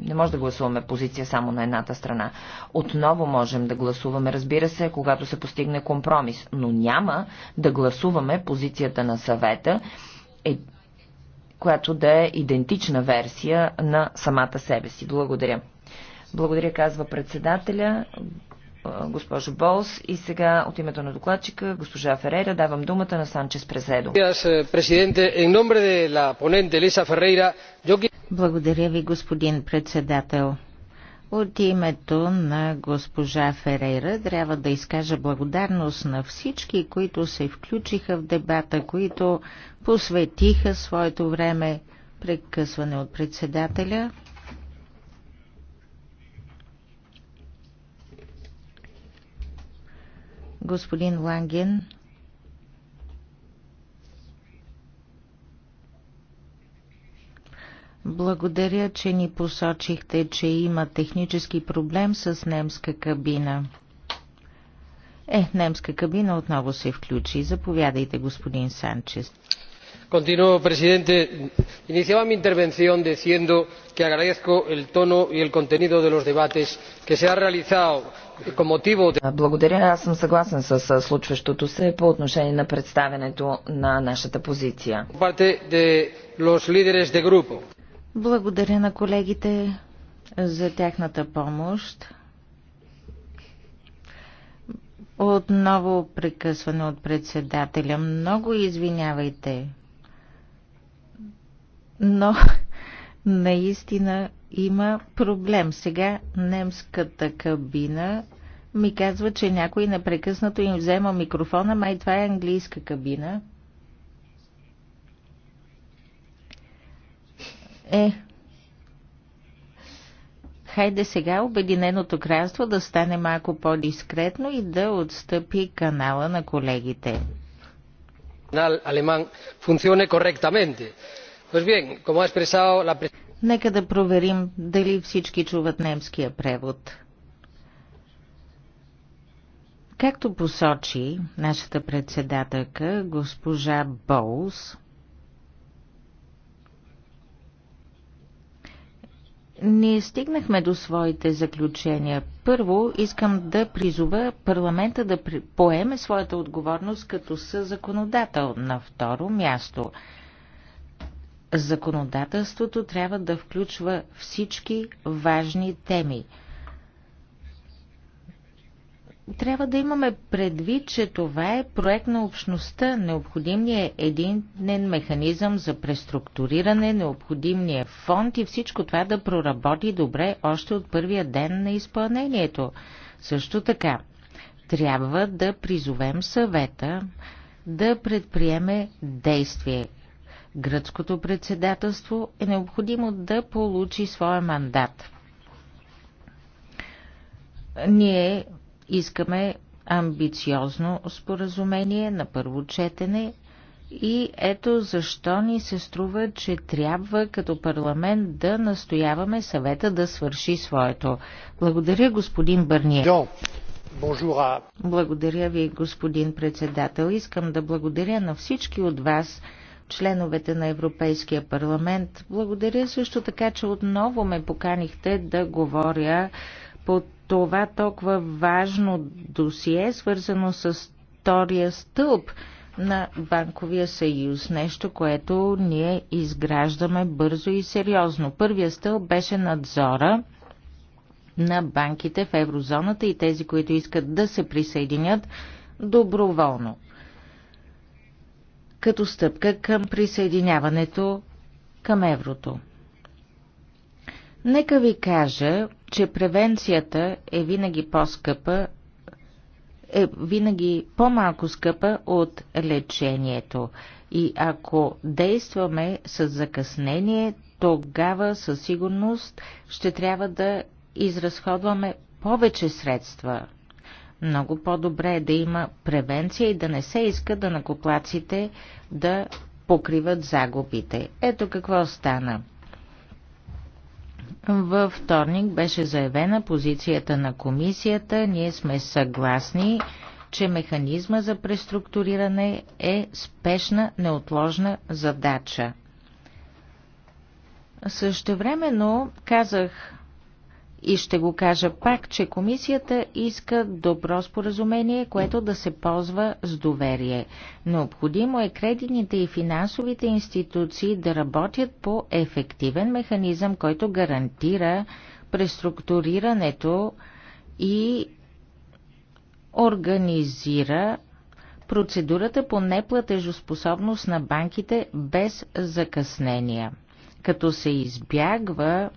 не може да гласуваме позиция само на едната страна. Отново можем да гласуваме, разбира се, когато се постигне компромис, но няма да гласуваме позицията на съвета е, която да е идентична версия на самата себе си. Благодаря. Благодаря, казва председателя, госпожо Болс. И сега от името на докладчика, госпожа Ферейра, давам думата на Санчес Преседо. Благодаря ви, господин председател. От името на госпожа Ферейра трябва да изкажа благодарност на всички, които се включиха в дебата, които посветиха своето време прекъсване от председателя. господин Ланген. Благодаря, че ни посочихте, че има технически проблем с немска кабина. Е, немска кабина отново се включи. Заповядайте, господин Санчес señor presidente iniciaba mi intervención diciendo que agradezco el tono y el contenido de los debates que se han realizado con motivo de. Благодаря. Аз съм съгласен с случващото се по отношение на представянето на нашата позиция. Благодаря на колегите за тяхната помощ. Отново прекъсване от председателя. Много извинявайте но наистина има проблем. Сега немската кабина ми казва, че някой непрекъснато им взема микрофона, май това е английска кабина. Е, хайде сега Обединеното кралство да стане малко по-дискретно и да отстъпи канала на колегите. Алеман функционе коректаменте Нека да проверим дали всички чуват немския превод. Както посочи нашата председателка, госпожа Боус. Ние стигнахме до своите заключения. Първо, искам да призова парламента да поеме своята отговорност като съзаконодател. На второ място, Законодателството трябва да включва всички важни теми. Трябва да имаме предвид, че това е проект на общността. Необходим е единен механизъм за преструктуриране, необходимният е фонд и всичко това да проработи добре още от първия ден на изпълнението. Също така, трябва да призовем съвета да предприеме действие гръцкото председателство, е необходимо да получи своя мандат. Ние искаме амбициозно споразумение на първо четене и ето защо ни се струва, че трябва като парламент да настояваме съвета да свърши своето. Благодаря, господин Бърние. Благодаря ви, господин председател. Искам да благодаря на всички от вас, членовете на Европейския парламент. Благодаря също така, че отново ме поканихте да говоря по това толкова важно досие, свързано с втория стълб на Банковия съюз. Нещо, което ние изграждаме бързо и сериозно. Първия стълб беше надзора на банките в еврозоната и тези, които искат да се присъединят доброволно като стъпка към присъединяването към еврото. Нека ви кажа, че превенцията е винаги по-скъпа, е винаги по-малко скъпа от лечението. И ако действаме с закъснение, тогава със сигурност ще трябва да изразходваме повече средства много по-добре е да има превенция и да не се иска да накоплаците да покриват загубите. Ето какво стана. Във вторник беше заявена позицията на комисията. Ние сме съгласни, че механизма за преструктуриране е спешна, неотложна задача. Същевременно казах и ще го кажа пак, че комисията иска добро споразумение, което да се ползва с доверие. Необходимо е кредитните и финансовите институции да работят по ефективен механизъм, който гарантира преструктурирането и организира процедурата по неплатежоспособност на банките без закъснения, като се избягва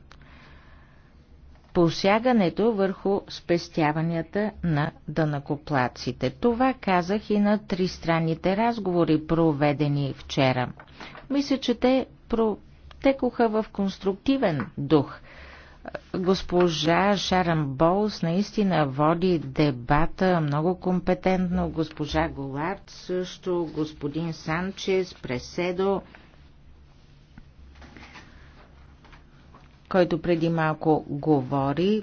посягането върху спестяванията на дънакоплаците. Това казах и на тристранните разговори, проведени вчера. Мисля, че те протекоха в конструктивен дух. Госпожа Шарам Болс наистина води дебата много компетентно, госпожа Голард също, господин Санчес, Преседо. който преди малко говори,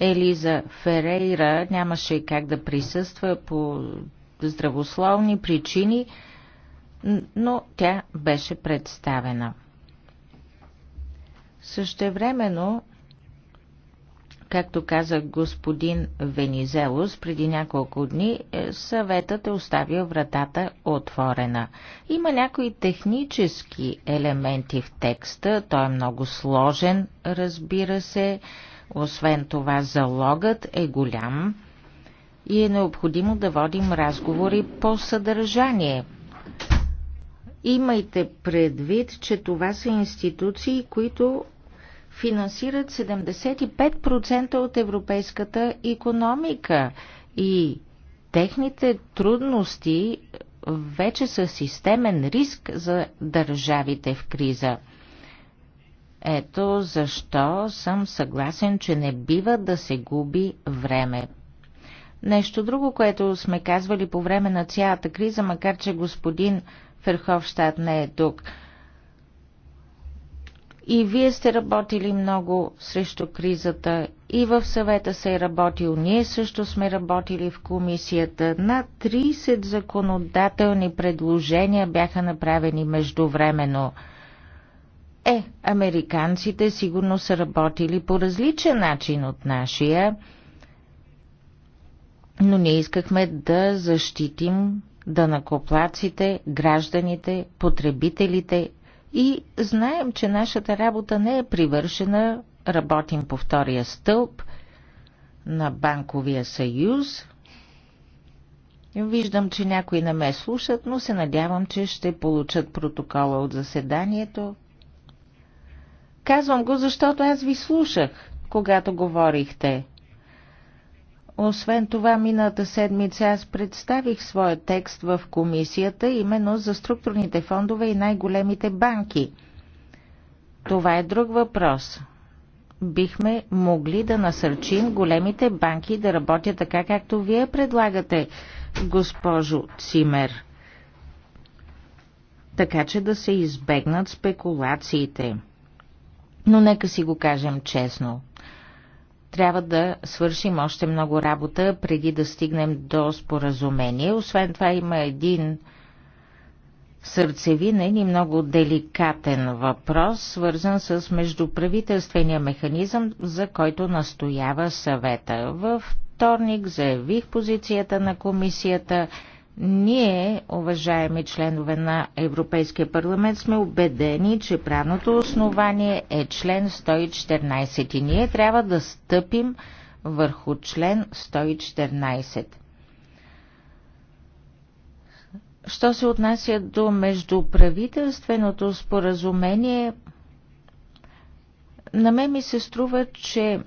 Елиза Ферейра нямаше как да присъства по здравословни причини, но тя беше представена. Същевременно Както каза господин Венизелос преди няколко дни, е, съветът е оставил вратата отворена. Има някои технически елементи в текста, той е много сложен, разбира се. Освен това, залогът е голям и е необходимо да водим разговори по съдържание. Имайте предвид, че това са институции, които финансират 75% от европейската економика и техните трудности вече са системен риск за държавите в криза. Ето защо съм съгласен, че не бива да се губи време. Нещо друго, което сме казвали по време на цялата криза, макар че господин Ферховщад не е тук – и вие сте работили много срещу кризата, и в съвета се е работил, ние също сме работили в комисията. На 30 законодателни предложения бяха направени междувременно. Е, американците сигурно са работили по различен начин от нашия, но ние искахме да защитим накоплаците, гражданите, потребителите и знаем, че нашата работа не е привършена. Работим по втория стълб на Банковия съюз. Виждам, че някои не ме слушат, но се надявам, че ще получат протокола от заседанието. Казвам го, защото аз ви слушах, когато говорихте. Освен това, миналата седмица аз представих своя текст в комисията именно за структурните фондове и най-големите банки. Това е друг въпрос. Бихме могли да насърчим големите банки да работят така, както вие предлагате, госпожо Цимер. Така че да се избегнат спекулациите. Но нека си го кажем честно трябва да свършим още много работа преди да стигнем до споразумение. Освен това има един сърцевинен и много деликатен въпрос, свързан с междуправителствения механизъм, за който настоява съвета. Във вторник заявих позицията на комисията. Ние, уважаеми членове на Европейския парламент, сме убедени, че правното основание е член 114 и ние трябва да стъпим върху член 114. Що се отнася до междуправителственото споразумение, на мен ми се струва, че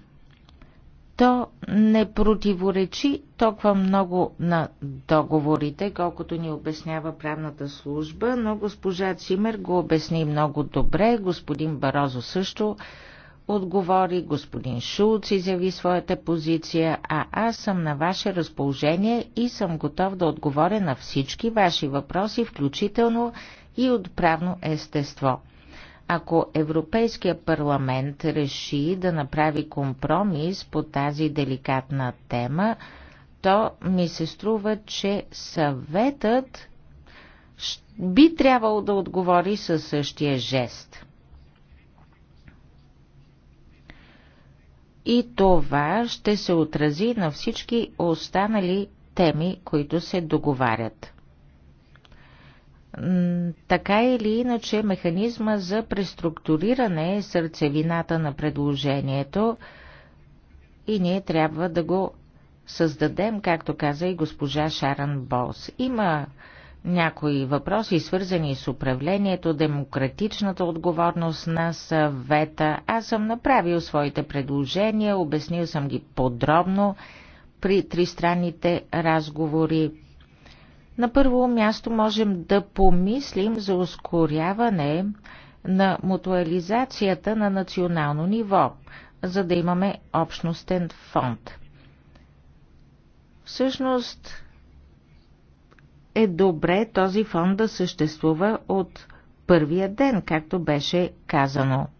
то не противоречи толкова много на договорите, колкото ни обяснява правната служба, но госпожа Цимер го обясни много добре, господин Барозо също отговори, господин Шулц изяви своята позиция, а аз съм на ваше разположение и съм готов да отговоря на всички ваши въпроси, включително и от правно естество. Ако Европейския парламент реши да направи компромис по тази деликатна тема, то ми се струва, че съветът би трябвало да отговори със същия жест. И това ще се отрази на всички останали теми, които се договарят. Така или иначе, механизма за преструктуриране е сърцевината на предложението и ние трябва да го създадем, както каза и госпожа Шаран Болс. Има някои въпроси, свързани с управлението, демократичната отговорност на съвета. Аз съм направил своите предложения, обяснил съм ги подробно при тристранните разговори. На първо място можем да помислим за ускоряване на мутуализацията на национално ниво, за да имаме общностен фонд. Всъщност е добре този фонд да съществува от първия ден, както беше казано –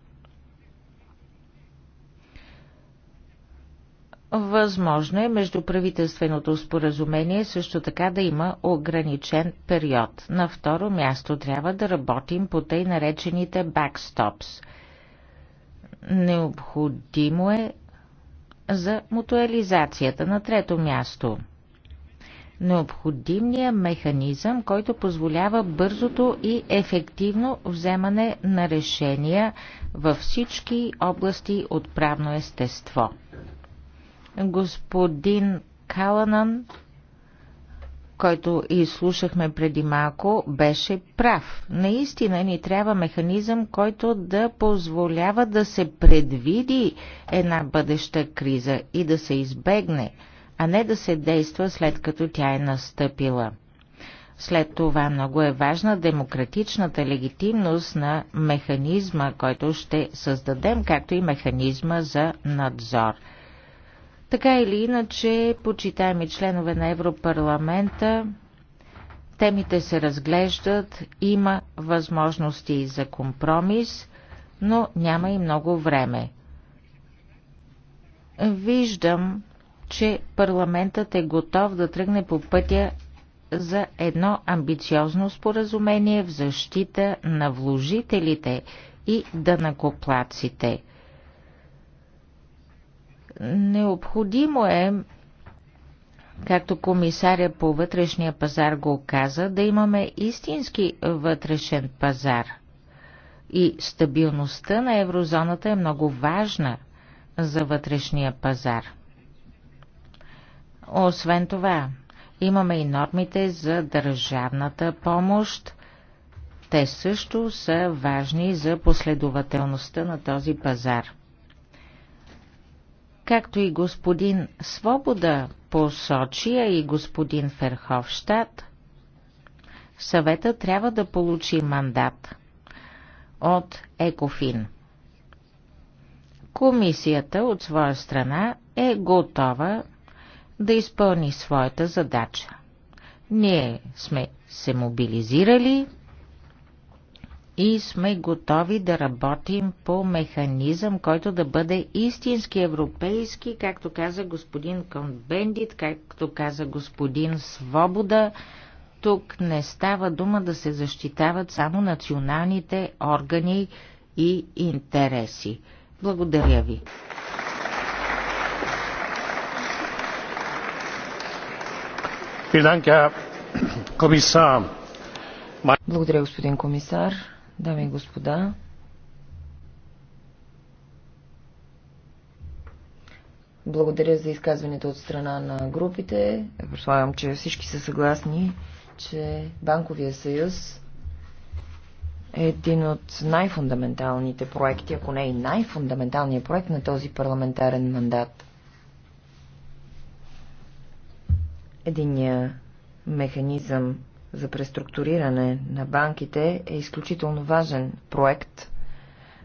Възможно е между правителственото споразумение също така да има ограничен период. На второ място трябва да работим по тъй наречените бакстопс. Необходимо е за мутуализацията на трето място. Необходимия механизъм, който позволява бързото и ефективно вземане на решения във всички области от правно естество господин Каланан, който изслушахме преди малко, беше прав. Наистина ни трябва механизъм, който да позволява да се предвиди една бъдеща криза и да се избегне, а не да се действа след като тя е настъпила. След това много е важна демократичната легитимност на механизма, който ще създадем, както и механизма за надзор – така или иначе, почитаеми членове на Европарламента, темите се разглеждат, има възможности за компромис, но няма и много време. Виждам, че парламентът е готов да тръгне по пътя за едно амбициозно споразумение в защита на вложителите и данакоплаците – Необходимо е, както комисаря по вътрешния пазар го каза, да имаме истински вътрешен пазар. И стабилността на еврозоната е много важна за вътрешния пазар. Освен това, имаме и нормите за държавната помощ. Те също са важни за последователността на този пазар. Както и господин Свобода по Сочия и господин Ферховщад, съвета трябва да получи мандат от Екофин. Комисията от своя страна е готова да изпълни своята задача. Ние сме се мобилизирали, и сме готови да работим по механизъм, който да бъде истински европейски, както каза господин Конбендит, както каза господин Свобода. Тук не става дума да се защитават само националните органи и интереси. Благодаря ви. Благодаря, господин комисар дами и господа, благодаря за изказването от страна на групите. Предполагам, че всички са съгласни, че Банковия съюз е един от най-фундаменталните проекти, ако не и най-фундаменталният проект на този парламентарен мандат. Единия механизъм за преструктуриране на банките е изключително важен проект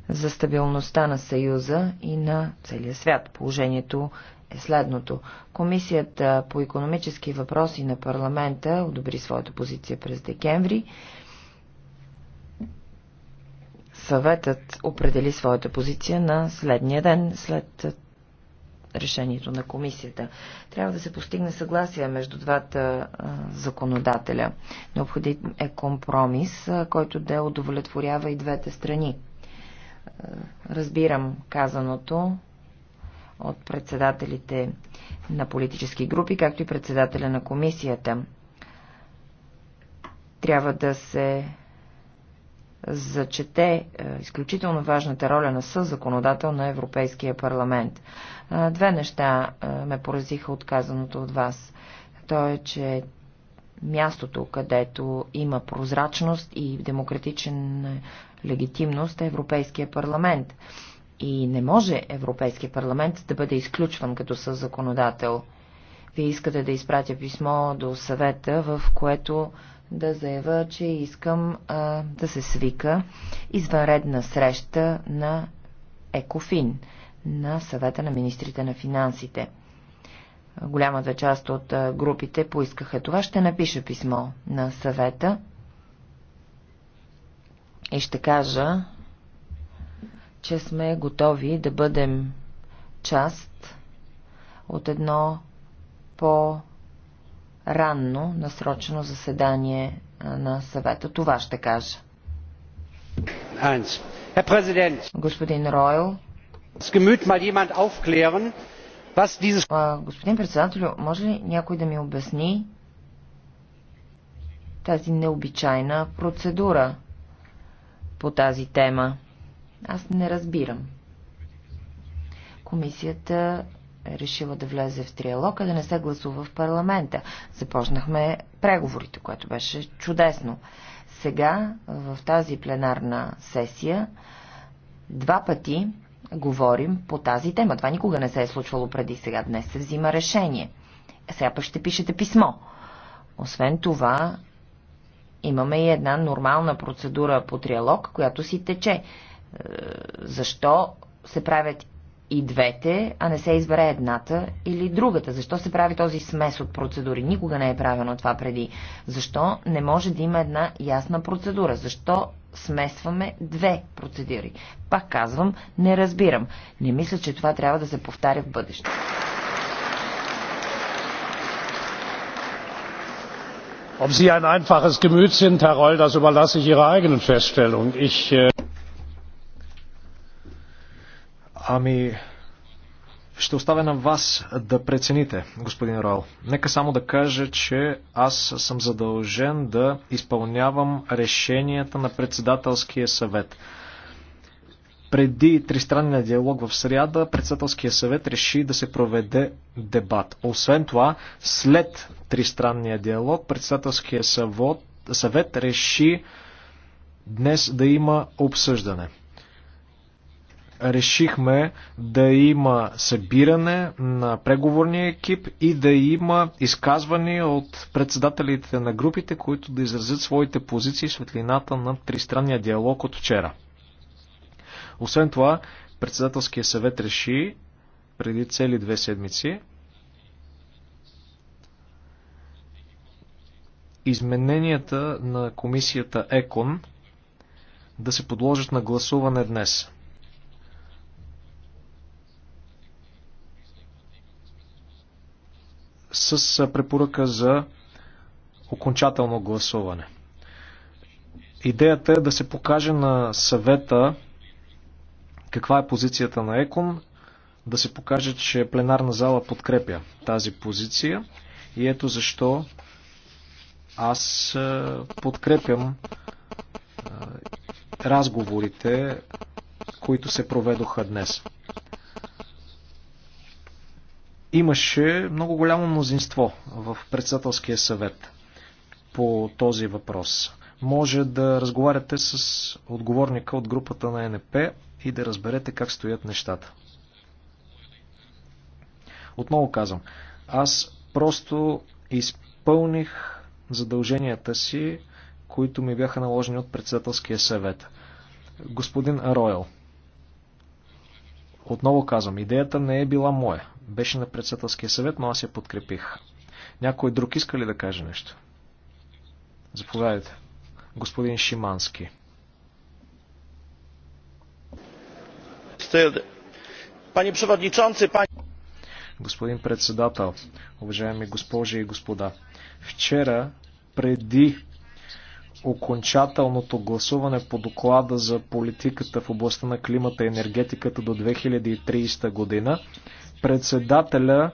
за стабилността на Съюза и на целия свят. Положението е следното. Комисията по економически въпроси на парламента одобри своята позиция през декември. Съветът определи своята позиция на следния ден след решението на комисията. Трябва да се постигне съгласие между двата законодателя. Необходим е компромис, който да удовлетворява и двете страни. Разбирам казаното от председателите на политически групи, както и председателя на комисията. Трябва да се зачете е, изключително важната роля на съзаконодател на Европейския парламент. Е, две неща е, ме поразиха отказаното от вас. То е, че мястото, където има прозрачност и демократичен легитимност е Европейския парламент. И не може Европейския парламент да бъде изключван като съзаконодател. Вие искате да изпратя писмо до съвета, в което да заявя, че искам а, да се свика извънредна среща на ЕКОФИН, на съвета на министрите на финансите. Голямата част от групите поискаха това. Ще напиша писмо на съвета и ще кажа, че сме готови да бъдем част от едно по- ранно насрочено заседание на съвета. Това ще кажа. Господин Ройл. Господин председател, може ли някой да ми обясни тази необичайна процедура по тази тема? Аз не разбирам. Комисията е решила да влезе в триалог, а да не се гласува в парламента. Започнахме преговорите, което беше чудесно. Сега, в тази пленарна сесия, два пъти говорим по тази тема. Това никога не се е случвало преди сега. Днес се взима решение. Сега пък ще пишете писмо. Освен това, имаме и една нормална процедура по триалог, която си тече. Е, защо се правят и двете, а не се избере едната или другата. Защо се прави този смес от процедури? Никога не е правено това преди. Защо не може да има една ясна процедура? Защо смесваме две процедури? Пак казвам, не разбирам. Не мисля, че това трябва да се повтаря в бъдеще. Ob Sie ein einfaches Gemüt sind, Herr Reul, das überlasse ich Ihrer eigenen Feststellung. Ich, äh Ами, ще оставя на вас да прецените, господин Ройл. Нека само да кажа, че аз съм задължен да изпълнявам решенията на председателския съвет. Преди тристранния диалог в среда, председателския съвет реши да се проведе дебат. Освен това, след тристранния диалог, председателския съвет реши днес да има обсъждане решихме да има събиране на преговорния екип и да има изказвани от председателите на групите, които да изразят своите позиции в светлината на тристранния диалог от вчера. Освен това, председателския съвет реши преди цели две седмици измененията на комисията ЕКОН да се подложат на гласуване днес. с препоръка за окончателно гласуване. Идеята е да се покаже на съвета каква е позицията на ЕКОН, да се покаже, че пленарна зала подкрепя тази позиция и ето защо аз подкрепям разговорите, които се проведоха днес имаше много голямо мнозинство в председателския съвет по този въпрос. Може да разговаряте с отговорника от групата на НП и да разберете как стоят нещата. Отново казвам, аз просто изпълних задълженията си, които ми бяха наложени от председателския съвет. Господин Ройл, отново казвам, идеята не е била моя беше на председателския съвет, но аз я подкрепих. Някой друг иска ли да каже нещо? Заповядайте. Господин Шимански. Пани Przewodniczący, пани... Господин председател, уважаеми госпожи и господа, вчера преди окончателното гласуване по доклада за политиката в областта на климата и енергетиката до 2030 година, председателя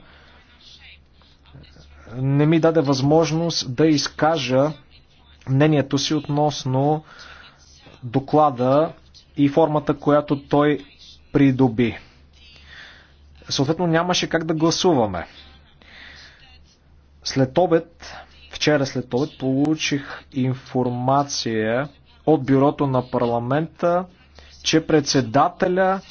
не ми даде възможност да изкажа мнението си относно доклада и формата, която той придоби. Съответно нямаше как да гласуваме. След обед, вчера след обед, получих информация от бюрото на парламента, че председателя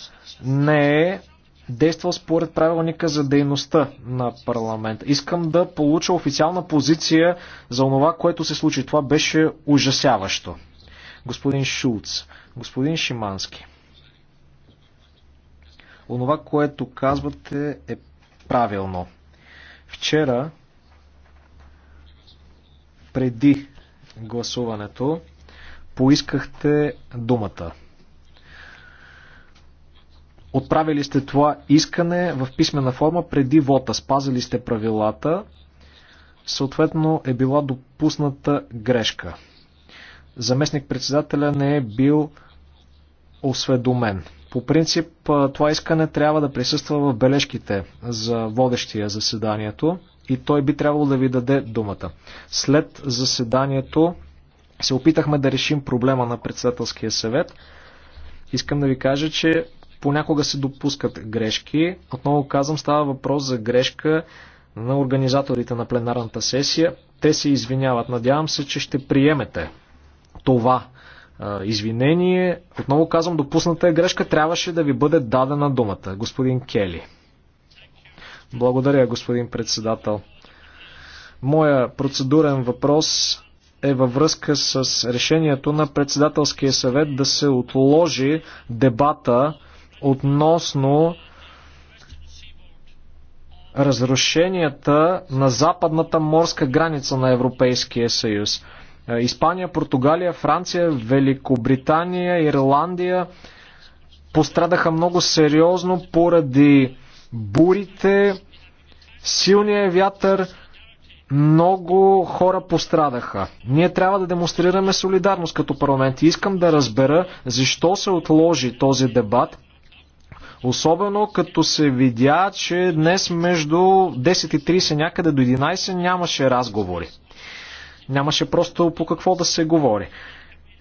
не е действал според правилника за дейността на парламента. Искам да получа официална позиция за това, което се случи. Това беше ужасяващо. Господин Шулц, господин Шимански. Онова, което казвате е правилно. Вчера, преди гласуването, поискахте думата. Отправили сте това искане в писмена форма преди вота. Спазили сте правилата. Съответно е била допусната грешка. Заместник председателя не е бил осведомен. По принцип това искане трябва да присъства в бележките за водещия заседанието и той би трябвало да ви даде думата. След заседанието се опитахме да решим проблема на председателския съвет. Искам да ви кажа, че понякога се допускат грешки. Отново казвам, става въпрос за грешка на организаторите на пленарната сесия. Те се извиняват. Надявам се, че ще приемете това извинение. Отново казвам, допусната е грешка. Трябваше да ви бъде дадена думата. Господин Кели. Благодаря, господин председател. Моя процедурен въпрос е във връзка с решението на председателския съвет да се отложи дебата относно разрушенията на западната морска граница на Европейския съюз. Е, Испания, Португалия, Франция, Великобритания, Ирландия пострадаха много сериозно поради бурите, силния вятър, много хора пострадаха. Ние трябва да демонстрираме солидарност като парламент. И искам да разбера защо се отложи този дебат Особено като се видя, че днес между 10 и 30 някъде до 11 нямаше разговори. Нямаше просто по какво да се говори.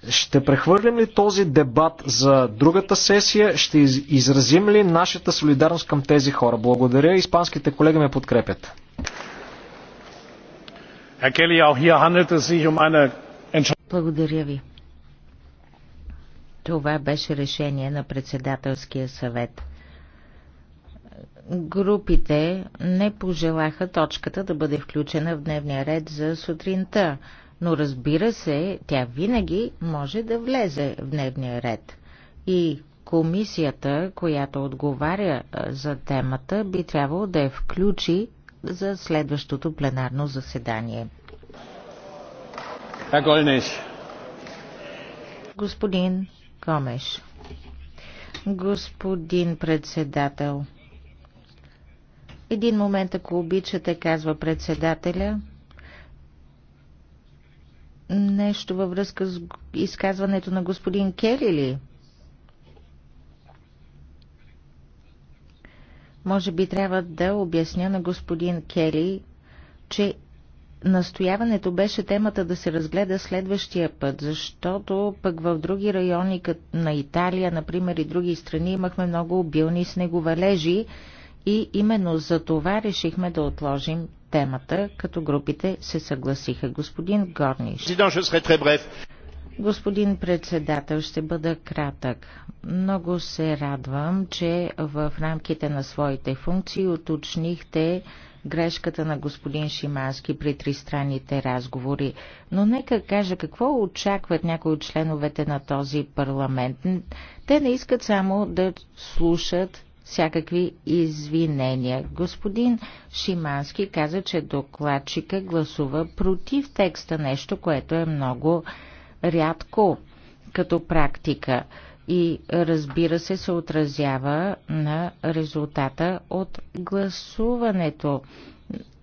Ще прехвърлим ли този дебат за другата сесия? Ще изразим ли нашата солидарност към тези хора? Благодаря. Испанските колеги ме подкрепят. Um Благодаря ви. Това беше решение на председателския съвет групите не пожелаха точката да бъде включена в дневния ред за сутринта, но разбира се, тя винаги може да влезе в дневния ред. И комисията, която отговаря за темата, би трябвало да я включи за следващото пленарно заседание. Господин Комеш. Господин председател, един момент, ако обичате, казва председателя. Нещо във връзка с изказването на господин Кели ли? Може би трябва да обясня на господин Кели, че настояването беше темата да се разгледа следващия път, защото пък в други райони на Италия, например и други страни, имахме много обилни снеговалежи и именно за това решихме да отложим темата, като групите се съгласиха. Господин Горниш. Господин председател, ще бъда кратък. Много се радвам, че в рамките на своите функции уточнихте грешката на господин Шимански при тристранните разговори. Но нека кажа какво очакват някои от членовете на този парламент. Те не искат само да слушат всякакви извинения. Господин Шимански каза, че докладчика гласува против текста, нещо, което е много рядко като практика и разбира се се отразява на резултата от гласуването.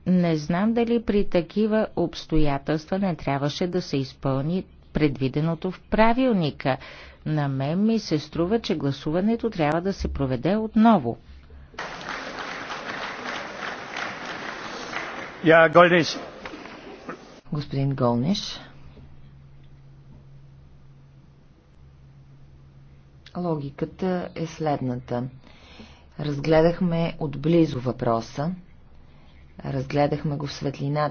Не знам дали при такива обстоятелства не трябваше да се изпълни предвиденото в правилника. На мен ми се струва, че гласуването трябва да се проведе отново. Я, Голниш. Господин Голниш. Логиката е следната. Разгледахме отблизо въпроса, разгледахме го в светлината